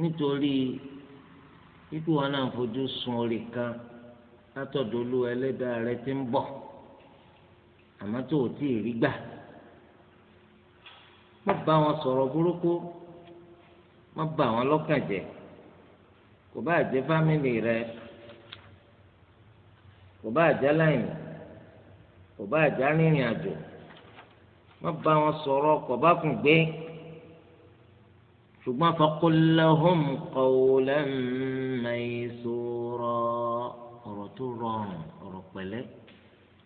nítorí ikú wọn náà fojú sun orí kan látọ̀dọ̀ olú ẹlẹ́dàá rẹ ti ń bọ̀ àmọ́ tó o tí ì rí gbà má bá wọn sọ̀rọ̀ burúkú má bá wọn lọ́kàn jẹ́ kò bá jẹ́ fámìlì rẹ kò bá jẹ́ láìní kò bá jẹ́ arìnrìn àjò má bá wọn sọ̀rọ̀ kò bá kùn gbé ṣùgbọ́n faqul lahum qawlan maysura ọ̀rọ̀ tó rọrùn ọ̀rọ̀ pẹ̀lẹ́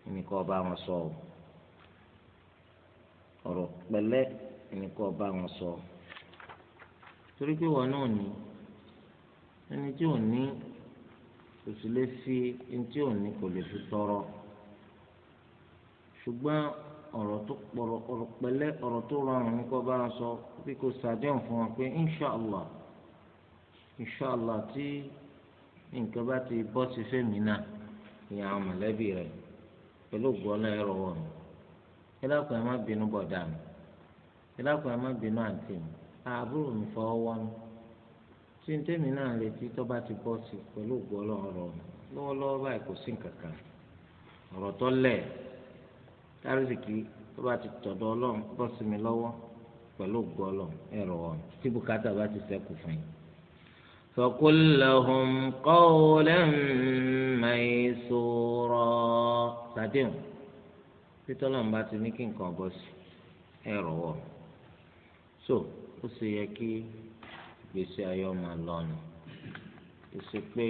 ẹnìkan ọba wọn sọ ọ̀rọ̀ pẹ̀lẹ́ ẹnìkan ọba wọn sọ torí pé wọn náà ní ẹni tí ò ní kò sì lè fi ẹni tí ò ní kò lè fi tọrọ ṣùgbọ́n ọ̀rọ̀ tó pọ̀rọ̀ ọ̀rọ̀ pẹ̀lẹ́ ọ̀rọ̀ tó rọrùn ní kó bá wọn sọ pé kò sàdéhùn fún wọn pé inshàlá inshàlá tí nǹkan bá ti bọ́ sí fèmí náà ìyá àwọn mọ̀lẹ́bí rẹ̀ pẹ̀lú ògbọ́nà ẹ̀rọ wọn ẹ dákun ẹ má bínú bọ̀dá mi ẹ dákun ẹ má bínú àǹtí mi àbúrò mi fọwọ́ wọ́n sí ní tèmi náà retí tó bá ti bọ́ sí pẹ̀lú ògbọ́lọ́ ọ̀rọ̀ lọ́wọ́lọ́wọ́ báyìí kò sí nǹkan kan ọ̀rọ̀ tó lẹ̀ tárísìkì tó bá ti tọ̀dọ̀ ọlọ́run bọ́ sí mi lọ́wọ́ pẹ̀lú ògbọ́lọ́ ẹ̀rọ ọ̀run tí bùkátà bá ti sẹ́kù fún yín. فقل لهم قولا ميسورا sàdéhùn títọ́lọ́ bá ti ní kí nǹkan bọ́ sí ẹ̀rọ ọ̀run gbèsè ayọ́ máa lọ́nà èsì pé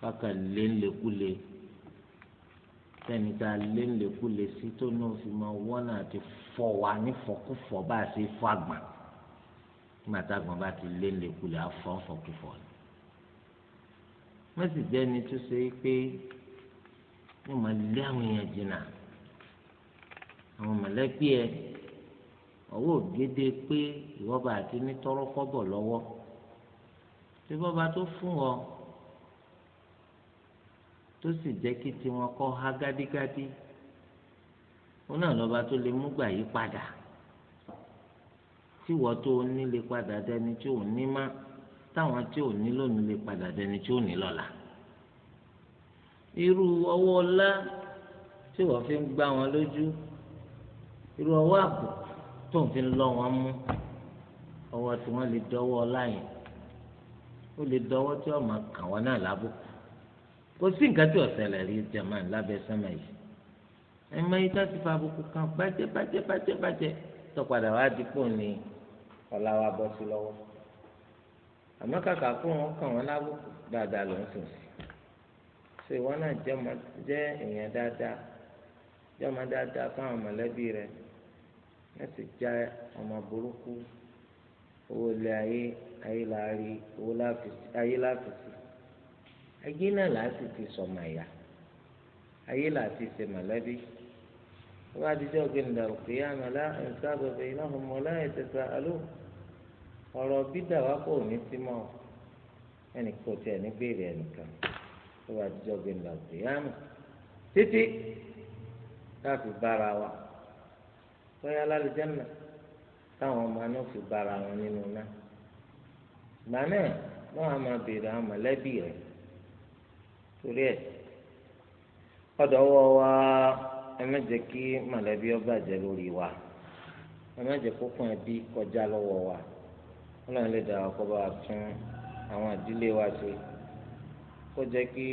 káka lélekúle sẹ́ni tá a lélekúle sí tó náà fi máa wọ́nà àti fọ́ wa nífọ̀kúfọ̀ bá a ṣe fọ́ àgbà nígbà tá àgbà bá ti lélekúle afọ́ ńfọ̀kúfọ̀ ni wọ́n sì jẹ́ni tó ṣe é pé wọ́n máa lé àwọn èèyàn jìnnà àwọn mọ̀lẹ́bí ẹ̀ ọwọ́ ògede pé ìwọ́ba àti nítọ́rọ́ kọ́bọ̀ lọ́wọ́ tí bọ́ba tó fún ọ tó sì jẹ́ kí tiwọn kọ́ há gádígádí wọn náà lọ́ba tó lè mú gbà yí padà tí wọ́n tó ní lè padà dẹni tí ò ní má táwọn tí ò ní lónìí lè padà dẹni tí ò ní lọ́la irú ọwọ́ ọlá tí wọ́n fi ń gbá wọn lójú irú ọwọ́ àbùkù tó ń fi lọ wọn mú ọwọ́ tí wọ́n lè dọ́wọ́ láyìn ó lè dọ́wọ́ tí wọ́n máa kàn wọ́n náà lábùkù kò sí nǹkan tí ọ̀sẹ̀lẹ̀ rí jẹ̀mọ́ lábẹ́ sẹ́mẹ̀ yìí ẹ̀mọ́ yìí tó ti fa àbùkù kan bàjẹ́ bàjẹ́ bàjẹ́ bàjẹ́ tó padà wá dípò ní ọ̀la wa bọ́ sí lọ́wọ́ àmọ́ kàkà kó wọn kàn wọ́n lábùkù dáadáa ló ń sùn sí ṣé ìwọ náà jẹ́ èèyàn dáadáa jẹ́ ọmọ dáadáa fáwọn mọ̀lẹ́bí rẹ̀ láti já ọmọ burúkú owó ilé ayé ayé láàrí owó ayé láfìsí ayé náà láti ti sọmọ ẹ̀yà ayé láti ṣe mọ̀lẹ́bí wọ́n adijọ́ gbẹ̀ndà òkè àmàlà ẹ̀ka bẹ̀bẹ̀ iná ọmọ láyé tẹ̀sà aló ọ̀rọ̀ bídà wà pọ̀ ní símọ́ ẹnì kò tiẹ̀ ní béèrè ẹnìkan wọ́n adijọ́ gbẹ̀ndà òkè àmà títí láti bára wa. bóyá lálùjẹ́nà táwọn ọmọ náà fi bára wọn nínú náà ìgbà náà wọn á máa àwọn torí ẹ̀ ọ̀dọ̀ wa kí mọ̀lẹ́bí ó bàjẹ́ lórí wa ẹ má ẹbí kọjá lọwọ wa ọla lè ọkọ bá tún àwọn wa ṣe kó kí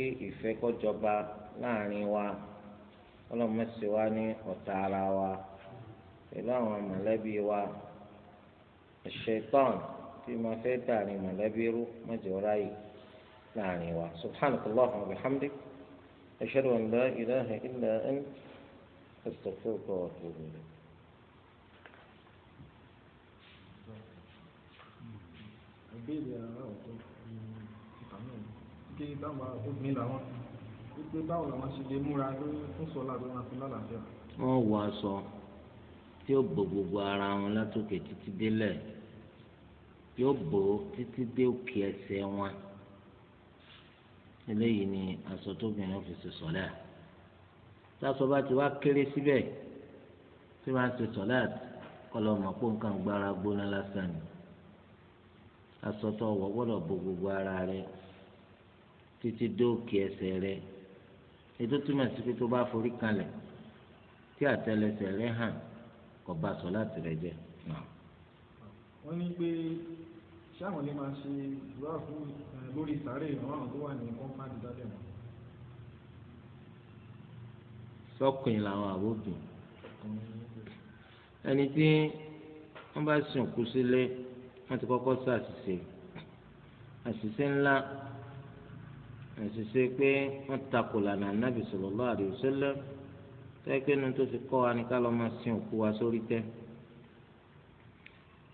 kọjọba wa ní wa. pẹ̀lú àwọn mọ̀lẹ́bí wa ṣetán tí ma fẹ́ dàrin mọ̀lẹ́bí rú mọ̀jọ́ ráyè láàrin wa subhanaka Allahumma wa bihamdik ashhadu an la ilaha illa ant astaghfiruka wa atubu ilayk ìbéèrè ara ọ̀tọ̀ ìtànà pé táwọn obìnrin làwọn wípé báwo làwọn ṣe lè múra lórí fún sọ́lá tó máa lálàáfíà. wọ́n wọ aṣọ tí ó bo gbogbo ara wọn látòkè títí délẹ̀ yóò bò ó títí dé òkè ẹsẹ̀ wọn eléyìí ni aṣọ tóbìnrin fi ṣe sọ̀lá táṣọ bá ti wá kéré síbẹ̀ tí wọ́n á ṣe sọ̀lá kọlọ́ mọ̀ pé nǹkan gbára gbóná lásán ni aṣọ tó wọ̀ gbọ́dọ̀ bo gbogbo ara rẹ títí dé òkè ẹsẹ̀ rẹ ètò túmọ̀ sí pé tó bá forí kanlẹ̀ tí àtẹlẹsẹ̀ rẹ hàn kò bá sọ láti rẹ̀ jẹ́. wọ́n ní pé sáwọn lè máa ṣe ìdúrà fún eh, lórí sàárè ìrànwọ́ tó wà ní kọ́ńpáàdì dáadé wọn. sọ́kùn làwọn àbóbìn ẹni tí wọ́n bá sìn kú sílé wọ́n ti kọ́kọ́ sọ àṣìṣe àṣìṣe ńlá àṣìṣe pé wọ́n takò lànà ànábì sallallahu tẹ́kẹ́ nu tó ti kọ́ wa ni ká lọ́ọ́ máa sin òkú wa sórí tẹ́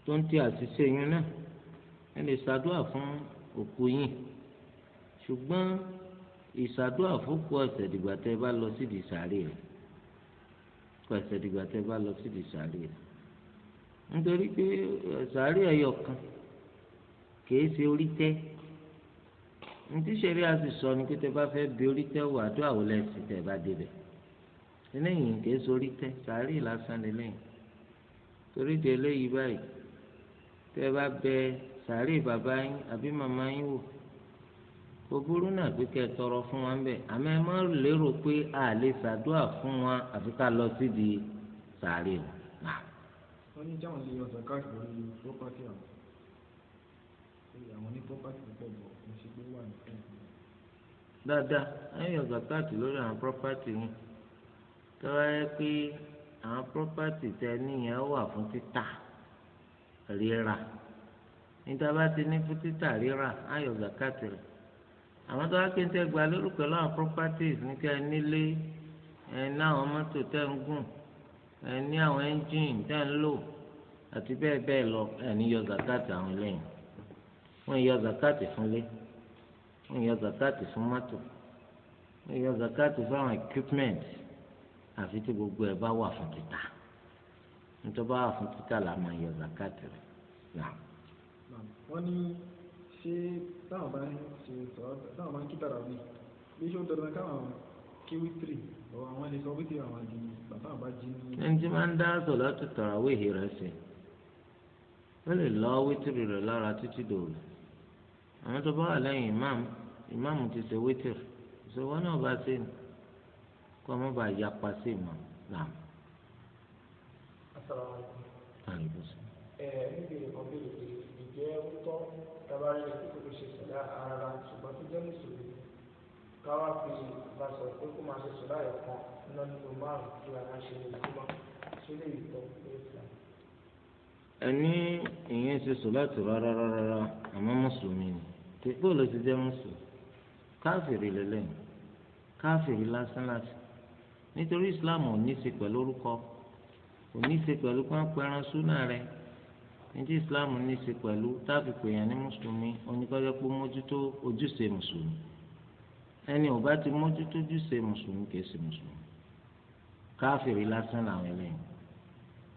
tó ń ti àṣìṣe yín náà ẹ lè ṣàdúrà fún òkú yín ṣùgbọ́n ìṣàdúrà fúnkù ọ̀sẹ̀ dìgbà tẹ́ bá lọ sídìí sàárè rẹ̀ kó ọ̀sẹ̀ dìgbà tẹ́ bá lọ sídìí sàárè rẹ̀ nítorí pé sàárè ẹ̀yọ̀ kan kìí ṣe orí tẹ́ ntí sẹ́rí a sì sọ ni pé tẹ́ bá fẹ́ bí orí tẹ́ wò àdúrà wò tẹ́ bá débẹ̀ eléyìí nké sórí tẹ sàárì lásán lélẹyìn torí de eléyìí báyìí tẹ bá bẹ sàárì bàbá yín àbí màmá yín wò gbogbooru náà pé kẹ tọrọ fún wa bẹ àmọ́ ẹ má lérò pé a lè ṣàdúrà fún wa àfi ká lọ síbi sàárì o náà. wọ́n ní jáwọn lè yọ zakat lórí pọ́pátì àwọn àwọn ní pọ́pátì púpọ̀ bọ̀ ní ṣe pé wà ní. dáadáa ẹ yọ zakat lórí àwọn pọ́pátì yìí tó wá yẹ pé àwọn property tẹ níyẹn wà fún títà rírà níta bá ti ní fún títà rírà ayọ̀ zakati rẹ̀ àwọn tó wá pé ń tẹ gba lórí pẹ̀lú àwọn properties ní ká nílé ẹ àwọn mọ́tò tẹ ń gùn ẹ àwọn engine tẹ ń lò àti bẹ́ẹ̀ bẹ́ẹ̀ lọ ẹ ní yọ zakati àwọn eléyìí wọ́n yọ zakati fúnlé wọ́n yọ zakati fún mọ́tò wọ́n yọ zakati fún àwọn equipment àfi tí gbogbo ẹ̀ bá wà fún títà nítorí bá wà fún títà là máa yọ zakati rẹ̀ náà. wọ́n ní ṣé táwọn bá ń ṣe sọ̀rọ̀ táwọn bá ń kíta rà mí bí ṣé ó dandan káwọn kí wítìrì ọ̀ àwọn ẹni sọ wítìrì àwọn àdì bàtà bá jí ní. ẹni tí máa ń dá sọ̀rọ̀ láti tọ̀rọ̀ wéhì rẹ̀ sí ó lè lọ wítìrì rẹ̀ lára títí dòwò àwọn tó bá wà lẹ́yìn ìmáàmù ìmáàmù ti ṣe wítìrì ìṣòwò náà bá ṣe ni kó ọmọ bá ya pàṣẹ mọ náà. asalaamualeykum. aleykum salaam. ẹ ẹ níbi ìkọ́bí rẹ̀ ìjẹ́ tọ́ tabarí rẹ̀ kí kò ṣe sọ̀dá ara rà ṣùgbọ́n tó jẹ́ mùsùlùmí káwá fi bá sọ pé kó máa ṣe sọ̀dá ẹ̀ kan iná nínú márùn-ún kí a máa ṣe ní ìgbìmọ̀ tó lè tọ́ pé fún un. ẹni ìyẹn ṣe sọ láti rárá rárá àmọ́ mùsùlùmí ni tèpé ò lè ti jẹ́ mùsùlùmí káfìrí lélẹ́yìn káfìrí lásán lásán nítorí islam ò ní í ṣe pẹ̀lú orúkọ ò ní í ṣe pẹ̀lú pẹ́ńpẹ́ ẹran súnà rẹ nítorí islam ní í ṣe pẹ̀lú táàbì pèèyàn ní mùsùlùmí oníkọ́jọ́ pé mójútó ojúṣe mùsùlùmí ẹni ò bá ti mójútó ojúṣe mùsùlùmí kìí ṣe mùsùlùmí káfìrí lásán làwọn eléyìí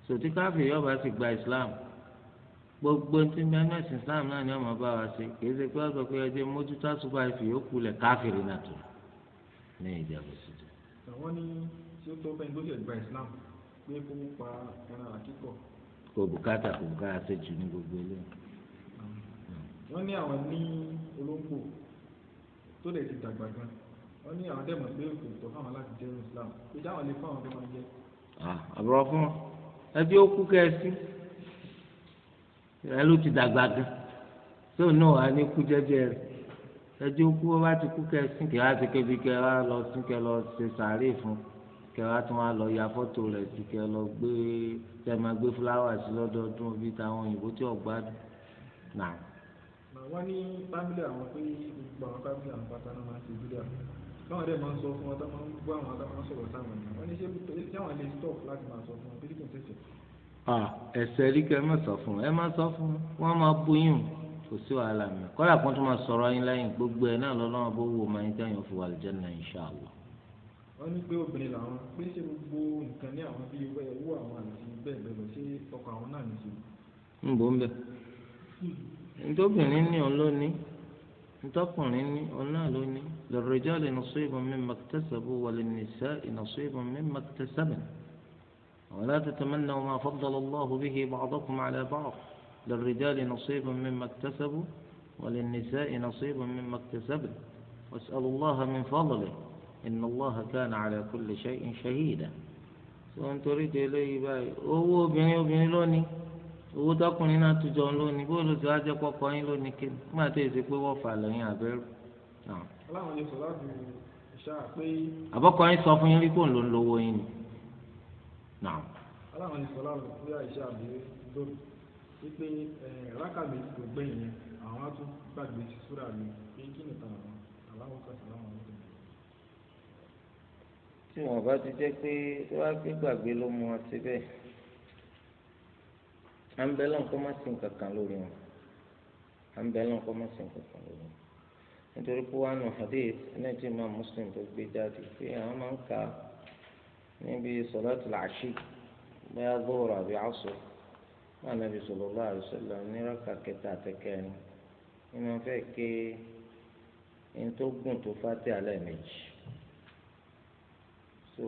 sòtí káfìrí ọba ti gba islam gbogbo tí mẹ́nu ẹ̀sìn islam náà ni ọmọ bá wa ṣe kìí ṣe pé ọ̀sọ̀ pé ẹjẹ́ mójútó àṣùbà ìfìyókù lẹ̀ káfìrí nàtó ní ìjàgbọ́sọ̀tò kan wọ́n ní tí ó tó bẹ́ẹ̀ ló ṣe gba Islam pé kó pa ẹran àkíkọ. kò bùkátà kò bùkátà ṣe jù ní gbogbo ilé. Hmm. wọ́n ní àwọn ní olóńgbò tó lè ti dàgbà gan wọ́n ní àwọn dẹ́mọ̀ pé kò tọ́ fáwọn láti jẹ́ Islam pé dáwọn lè fáwọn tó máa jẹ́. Ah, àbúrò fún ẹbí ó kú kẹ́ẹ̀sì ẹ ló ti dàgbà gan tóun náà wà ní kú jẹ́jẹ́ rẹ̀ ẹjọ́ kú ó bá ti kú kẹ́ sìn kẹ́ wá sí kébi kẹ́ wá lọ sìn kẹ́ lọ ṣe sàárè fún kẹ́ wá tún wá lọ ya fọ́tò rẹ̀ sí kẹ́ lọ gbé kẹ́ máa gbé fúláwà sí lọ́dọọdún bí táwọn òyìnbó tí ò gbádùn náà. wọ́n ní fámílì àwọn pé gbogbo àwọn fámílì àwọn pátá náà máa ń ṣe bílíà káwọn dẹ̀ máa ń sọ fún wọn tó gbọ́ àwọn tó sọ̀rọ̀ sáwọn ènìyàn wọ́n ní ṣé àwọn lè stop láti máa sọ fún wọn bí kò tẹ̀sẹ̀. ẹsẹ̀ rí kẹ́ ẹ má sọ fún ẹ má sọ fún wọn máa bóyún kò sí wàhálà mi kọ́lá kan tó máa sọ̀rọ̀ yín lẹ́yìn gbogbo ẹ̀ náà lọ́lọ́wọ́ bó wò máa ń tẹ̀yìn fún àlùjánnà inshallah. wọ́n ní pé obìnrin làwọn pé ṣé gbogbo nǹkan ní àwọn bíi owó àwọn àti bẹ́ẹ̀ bẹ́ẹ̀ lọ sí ọkọ àwọn náà nìyí. ń bò ń bẹ ntọ́bìnrin ní òun lónìí ntọ́kùnrin ní òun náà lónìí lirrijali nasibun mimma iktasabu walinisai nasibun mimma iktasabna wala tatamannaw ma faddala Allahu bihi ba'dakum ala ba'd للرجال نصيب مما اكتسبوا وللنساء نصيب مما اكتسبن واسألوا الله من فضله إن الله كان على كل شيء شهيدا وان تريد إليه باي أوو بني وبني لوني أوو تاكوني ناتو جون لوني بولو زاجة وقوين لوني كن ما تيزي قوي وفع لن يعبر نعم أبا قوين صافين لكون لون لووين نعم اللهم عليه الصلاة والسلام يا إشاء wípé eh, rákà méjì tó gbẹ̀yìn yẹn àwọn á tún gbàgbé sí súrà mi pé kí ni tàn àwọn aláwọ̀ kàtà láwọn ọ̀dọ́ tó tí wọn bá ti jẹ́ pé tí wọn gbé gbàgbé ló mú wọn síbẹ̀ à ń bẹ lọ́n kó má sin kankan lórí wọn à ń bẹ lọ́n kó má sin kankan lórí wọn nítorí pé wọn nù hadith náà tí Imam Muslim tó gbé jáde pé àwọn máa ń kà níbi sọlá tó làásì bóyá àbí àṣọ náà nàbì sallallahu alaihi wasallam nírọ̀kà kẹta àtẹkẹrin ni wọ́n fẹ́ ké ní tó gùn tó fàtí alẹ́ méjì so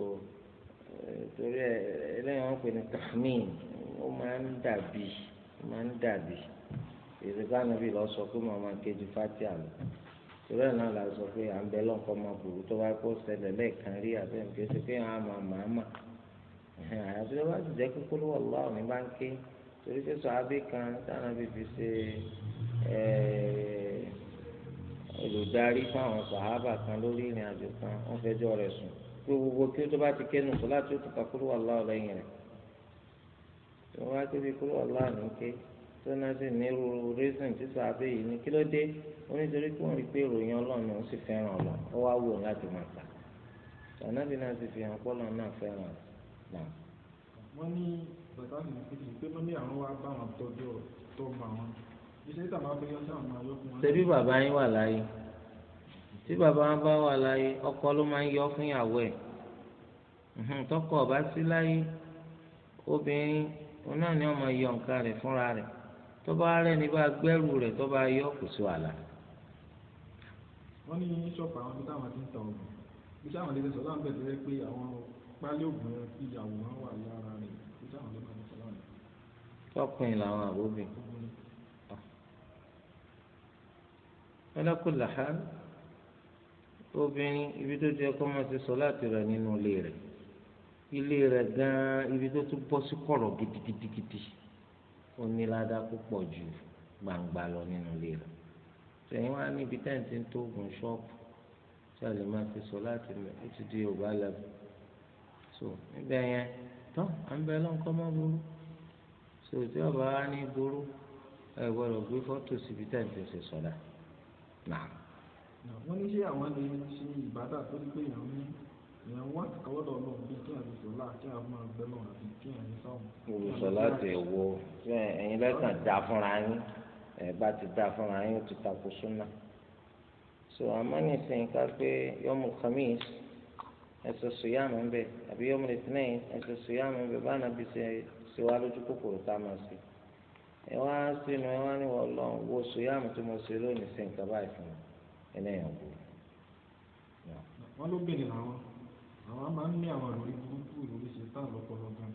eh, torí ẹ ẹlẹ́yìn wọn pè ní tahmin ó máa ń dàbí ó máa ń dàbí ìdìbò ànábì lọ sọ pé màmá kejì fàtí àlọ́ torí ẹ̀ náà la sọ pé à ń bẹ lọ́kọ́ máa burú tó bá kó ṣẹlẹ̀ lẹ́ẹ̀kan rí àbẹ̀ǹkẹ́ pé àwọn àmàmà àyàfi ló bá ti jẹ́ kókó lọ́wọ́ lọ́wọ́ ní bá ń ké torí pé sọ̀hábì kan táwọn bíbí ṣe eh, olùdarí fún àwọn sọ̀hábà kan lórí ìrìn àjò kan wọ́n fẹjọ́ rẹ̀ sùn pé gbogbo kí ó tó bá ti kẹ́nu sọ láti ó ti ka kúrò aláwọ̀ lẹ́yìn rẹ̀ tó wá kébi kúrò aláwọ̀ ní ké tó náà sì ní irú rẹ́sìn tí sọ̀hábì yìí ní kí ló dé ó ní torí pé wọ́n rí pé ìròyìn ọlọ́run ó sì fẹ́ràn ọ̀la ó wá wò láti máa gbà sọ̀nàbì náà sì fi hàn pọ́lọ́ náà fẹ́ràn náà. wọ́n ní zakati ní kejì pé mọ́mí àwọn wá bá àwọn tọ́jú tó bá wọn ìṣẹ́ tàbá bẹ́yọ́ sí àwọn ayọ́kùn wọn. ṣebí bàbá yín wà láyé tí bàbá wọn bá wà láyé ọkọ ló máa ń yọ fún ìyàwó ẹ̀ tọkọ ọba sí láyé obìnrin òun náà ni ọmọ yọ nǹkan rẹ̀ fúnra rẹ̀ tó bá rẹ̀ ní bá gbẹ́rù rẹ̀ tó bá yọ kò sí wàhálà. wọ́n ní ṣọ́ọ̀pù àwọn ibi táwọn ti ń ta oògùn ibi táwọn lè sọ láǹbẹ̀ tó yẹ pé àwọn pálí oògùn ìyàwó wọn wà lára rẹ̀ tọkùnrin làwọn àbóbìn mẹlẹkùn làhán obìnrin ibi tó jẹ kó máa ṣe sọ láti rẹ nínú ilé rẹ ilé rẹ gan ibi tó tún bọ́ sí kọ̀rọ̀ gidigidigidi ó ní ládàá púpọ̀ ju gbangba lọ nínú ilé rẹ tẹ̀yìn wá níbi tẹ́ǹtì tó oògùn ṣọ́ọ̀pù tí a lè máa ṣe sọ láti rẹ ó ti di yorùbá lẹ́bù so níbẹ̀ yẹn tán à ń bẹ lọ́nkọ́ máa burú. sòtì ọba wa ní burú ẹ gbọ́dọ̀ gbé fọ́tò síbi tá à ń tẹsẹ sọdá náà. wọ́n ní ṣé àwọn lè ṣe ìbádà tó ní pé èèyàn ní èèyàn wá kọ́wọ́dọ̀ náà bí kí àti sọlá kí àwọn máa gbẹ àti kí àti olùsọlá ti wo ẹ̀yin ti dá fúnra yín ó ti so àmọ́ nísìnyí ká pé yọmù khamis àbí lẹ́tìnẹ́yìn sí wa lójú kòkòrò tá a máa ṣe ẹ wá sínú ẹ wá ní wọlọ wo sùyàmù tí mo ṣe lónìí sí nǹkan báyìí fún mi ẹlẹ́yìn ọ̀gbọ́n. wọ́n ló bèrè làwọn àwọn máa ń ní àwọn ìròyìn burúkú ìròyìn ṣe tá àlọ́pọ̀lọ́ gan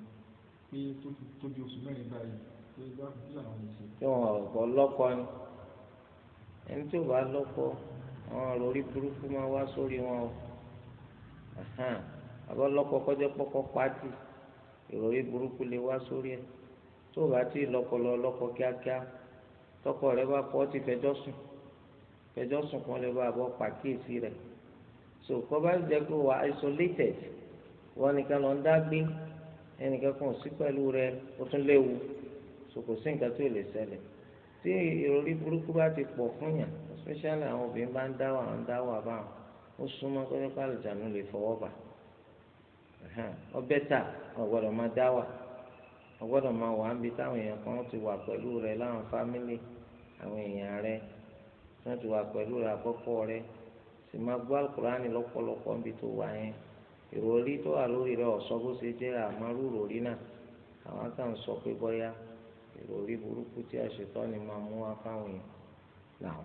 pé tó fi tóbi oṣù mẹ́rin báyìí pé bí àwọn lè ṣe. tí wọn ọ̀pọ̀ lọ́kọ ni ẹni tí ò bá lọ́kọ àwọn ìròyìn burúkú máa wá sórí wọn o àbọ̀ lọ́kọ kọjá pọ́kọ́ pátì ìròyìn burúkú lè wá sórí ẹ tó o bá ti lọkọlọ lọkọ kíákíá tọkọ rẹ bá kọ ti fẹjọ́ sùn fẹjọ́ sùn kan lè bá a bọ pàkíyèsí rẹ so kọ bá jẹ pé wà isolated wọn nìkan lọ ń dá gbé ẹnìkan kan sí pẹ̀lú rẹ ó tún léwu so kò sí nǹkan tó lè ṣẹlẹ̀ tí ìròrí burúkú bá ti pọ̀ fún yàn especially àwọn obìnrin bá ń dáwà ń dáwà báwọn ó súnmọ́ pé nípa àlùjánu lè fọwọ́ bà ọbẹ̀ tà ọ̀gbọ́dọ̀ máa dá wà ọ̀gbọ́dọ̀ máa wà níbi táwọn èèyàn kan ti wà pẹlú rẹ láwọn fámìlì àwọn èèyàn rẹ wọ́n ti wà pẹlú rẹ àkọkọ rẹ sì máa gbọ́ àlùkùránì lọ́pọ̀lọpọ̀ níbi tó wà yẹn ìròrí tó wà lórí rẹ ọ̀sọ́ bó ṣe jẹ́ àmọ́rú ìròrí náà àwọn kan sọ pé bọ́yá ìròrí burúkú tí a àṣetọ́ ni máa mú wá fáwọn èèyàn náà.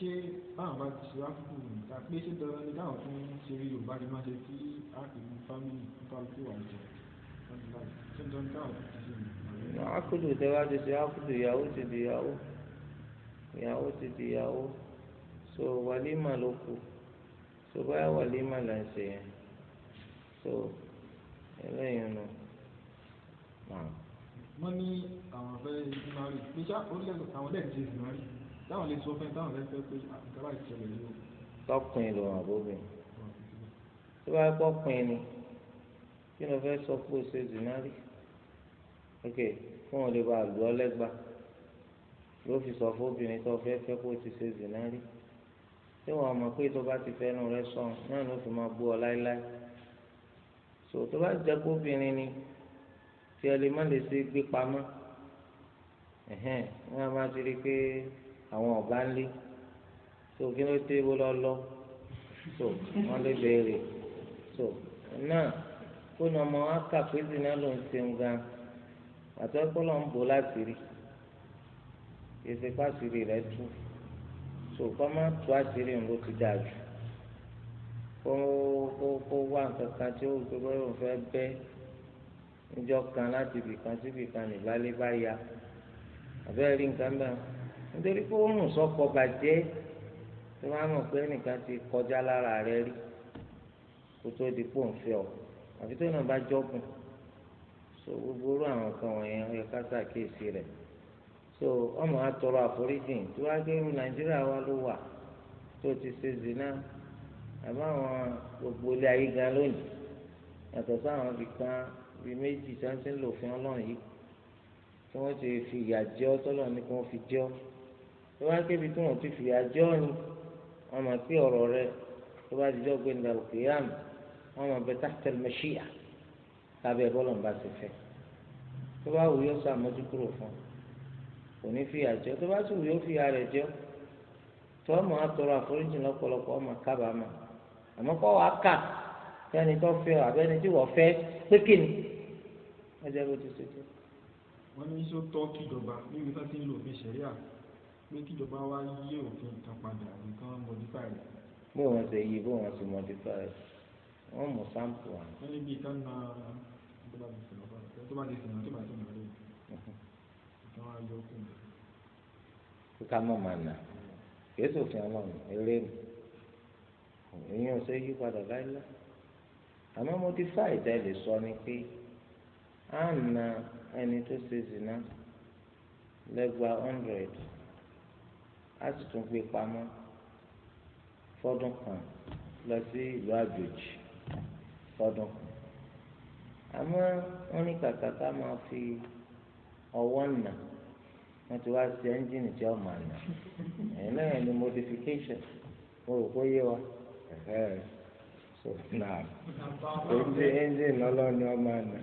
ṣé báwọn bá ti ṣe wá fún mi níta pé ṣé dandan ni dáhùn fún ṣeré yorùbá ni má ṣe kí ákìlú fámìlì nípa lókè wà jẹ ṣé dandan dáhùn fún ti ṣe mi. ákùlù tẹ bá ti ṣe ákùlù ìyàwó ti di ìyàwó ìyàwó ti di ìyàwó so wàlímà ló kù so báyà wàlímà là ń ṣe yẹn so ẹlẹ́yìn nù. wọ́n ní àwọn fẹ́ẹ́ ìdúmọ̀ rí pé ṣá orílẹ̀-èdè àwọn dẹ́ẹ̀ ti ṣe ìdúmọ̀ rí táwọn lè sọ fún ẹ táwọn lè fẹ́ pé àkàrà ìṣẹ̀lẹ̀ yìí o. tọkùnrin ló hàn bóbin tó bá kọ́ pin ni kí ló fẹ́ sọ pé o ṣe zinari ok fún òde bá lu ọ lẹ́gbàá ló fi sọ fún obìnrin tó fẹ́ fẹ́ kó o ti ṣe zinari tí wọn mọ̀ pé tó bá ti fẹ́nu rẹ sọ̀n náà ló fi máa bú ọ láéláé so tó bá jẹ́ pé obìnrin ni tí ẹ lè má lè ṣe gbé pamọ́ ẹ̀hẹ́n wọ́n á máa ti rí i pé àwọn ọ̀gá ń lé tó kí ló dé wọ́n lọ lọ tó wọ́n lè béèrè tó náà kó ní ọmọ wa kà pé zina ló ń ṣeun gan àti ọ̀pọ̀ ló ń bò láti rí èsì pàṣírí rẹ̀ tú tó kọ́ má tú àṣírí ń ló ti dà jù kó kó kó wá nǹkan kan tí ó gbé bọ́yọ̀ fẹ́ bẹ́ níjọ́ kan láti ibìkan síbìkan nìgbálẹ́ bá ya àbẹ́rẹ́ rí nǹkan bẹ́ẹ̀ nítorí pé ó rùn sọkọ bàjẹ́ tó máa mọ̀ pé ẹnìkan ti kọjá lára rẹ rí kó tó di pò ń fẹ́ ọ àfi tó náà bá jọ́gùn so gbogbo orú àwọn kan wọ̀nyẹn ó yẹ ká ṣàkíyèsí rẹ̀ so ọmọ atọrọ àforíjìn tó wá gbé irú nàìjíríà wa ló wà tó ti ṣe zina àbáwọn gbogbo ilé ayé gan lónìí yàtọ̀ sáwọn ibì kan bíi méjì tí wọ́n ti ń lò fún ọlọ́run yìí tí wọ́n ti fi ìyà jẹ ọ́ tọ́lọ̀ ní kí wọ́n fi jẹ ọ́ tí wọ́n á kébi tí wọ́n ti fi ìyà jẹ ọ́ ni wọ́n máa pé ọ̀rọ̀ rẹ tó bá ti jọ gbé ní alùpùpù wọ́n máa bẹ táàtẹ̀lì mẹ́ṣíà lábẹ́ bọ́lọ̀ ń bá ti fẹ́ tó bá wù yóò sọ àmójú kúrò fún kò ní fi ìyà jẹ tó bá sì wù yóò fi ìyà rẹ̀ jẹ tó ọmọ atọrọ àforíjì lọ́pọ̀lọpọ̀ ọmọ kábàámà àmọ́ kọ́ wàá kà sẹ́ni tó fẹ́ àbẹ́ni tí wọ́n fẹ́ pé kìnnì ọjọ́ bó ti ṣe jẹ́ wọ́n ní sọ tọ́ kíjọba níbi tó ti ń lo òfin ṣẹ̀ríà pé kíjọba wá yé òfin kan padà nǹkan modify rẹ̀. bí wọ́n ṣe yí bí wọ́n ṣe modify rẹ̀ wọ́n mú sáǹpù wa. wọ́n ní bíi kánà tó bá ti sìn lọ́kọ̀ tó bá ti sìn lọ́kọ̀ tó bá ti sìn lọ́kọ̀ tó bá ti sìn lọ́kọ̀ kí ká mọ̀ máa nà kìí sòfin ọlọ́run eré mi èyí ò ṣe yí padà láíláí àmọ́ modify tẹ́ lè sọ ni pé á na ẹni tó ṣe zina lẹ́gba hundred á sì tún gbé pamọ́ fọ́dún kan lọ sí ìlú àjòjì fọ́dún kan àmọ́ wọ́n ní kàkà ká máa fi ọwọ́ nà wọ́n ti wá sí ẹ́ńjìnì tí ọmọ àná ẹ̀yìn náà ni modification mo rò pé yé wa so náà ẹ́ńjìnì ọlọ́ni ọmọ àná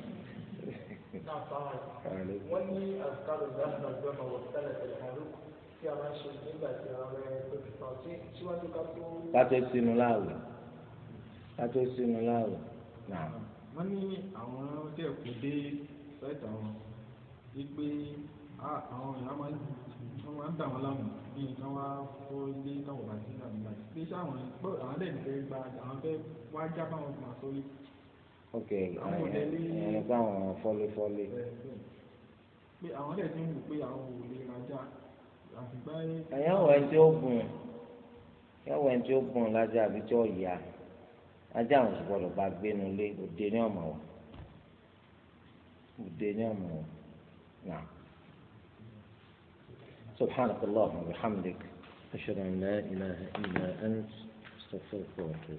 wọ́n ní àkàrò dáhùn àgbẹ̀mọ̀ wọ̀ tẹ́lẹ̀ tẹ̀lé àrùn tí a máa ń ṣe nígbà tí a rẹ̀ twenty four tí síwájú ká tó. kátó sínú láàwẹ̀ kátó sínú láàwẹ̀ náà. wọ́n ní àwọn tẹ̀ kó dé sẹ́ẹ̀tì àwọn wípé àwọn èèyàn máa ń wọ́n máa ń dà wọ́n láàmú bíi kí wọ́n fọ́ ilé káwọn bá sí ìlànà ìgbà tí pé sáwọn àwọn dẹ̀ ń gba àwọn fẹ́ wá jábọ̀ wọn máa sọ ok ẹ̀yìn eh, eh, eh, pé àwọn fọ́léfọ́lé. pé àwọn ẹ̀ ti ń wò pé àwọn ò lè rajà àtìgbà yẹn. ẹ̀yàn wọ̀ ẹni tí ẹ̀yàn wọ̀ ẹni tí ó àbí tí ó yà ajá àwọn sì bá gbénu lé òde ní ọ̀mọ̀ òde ní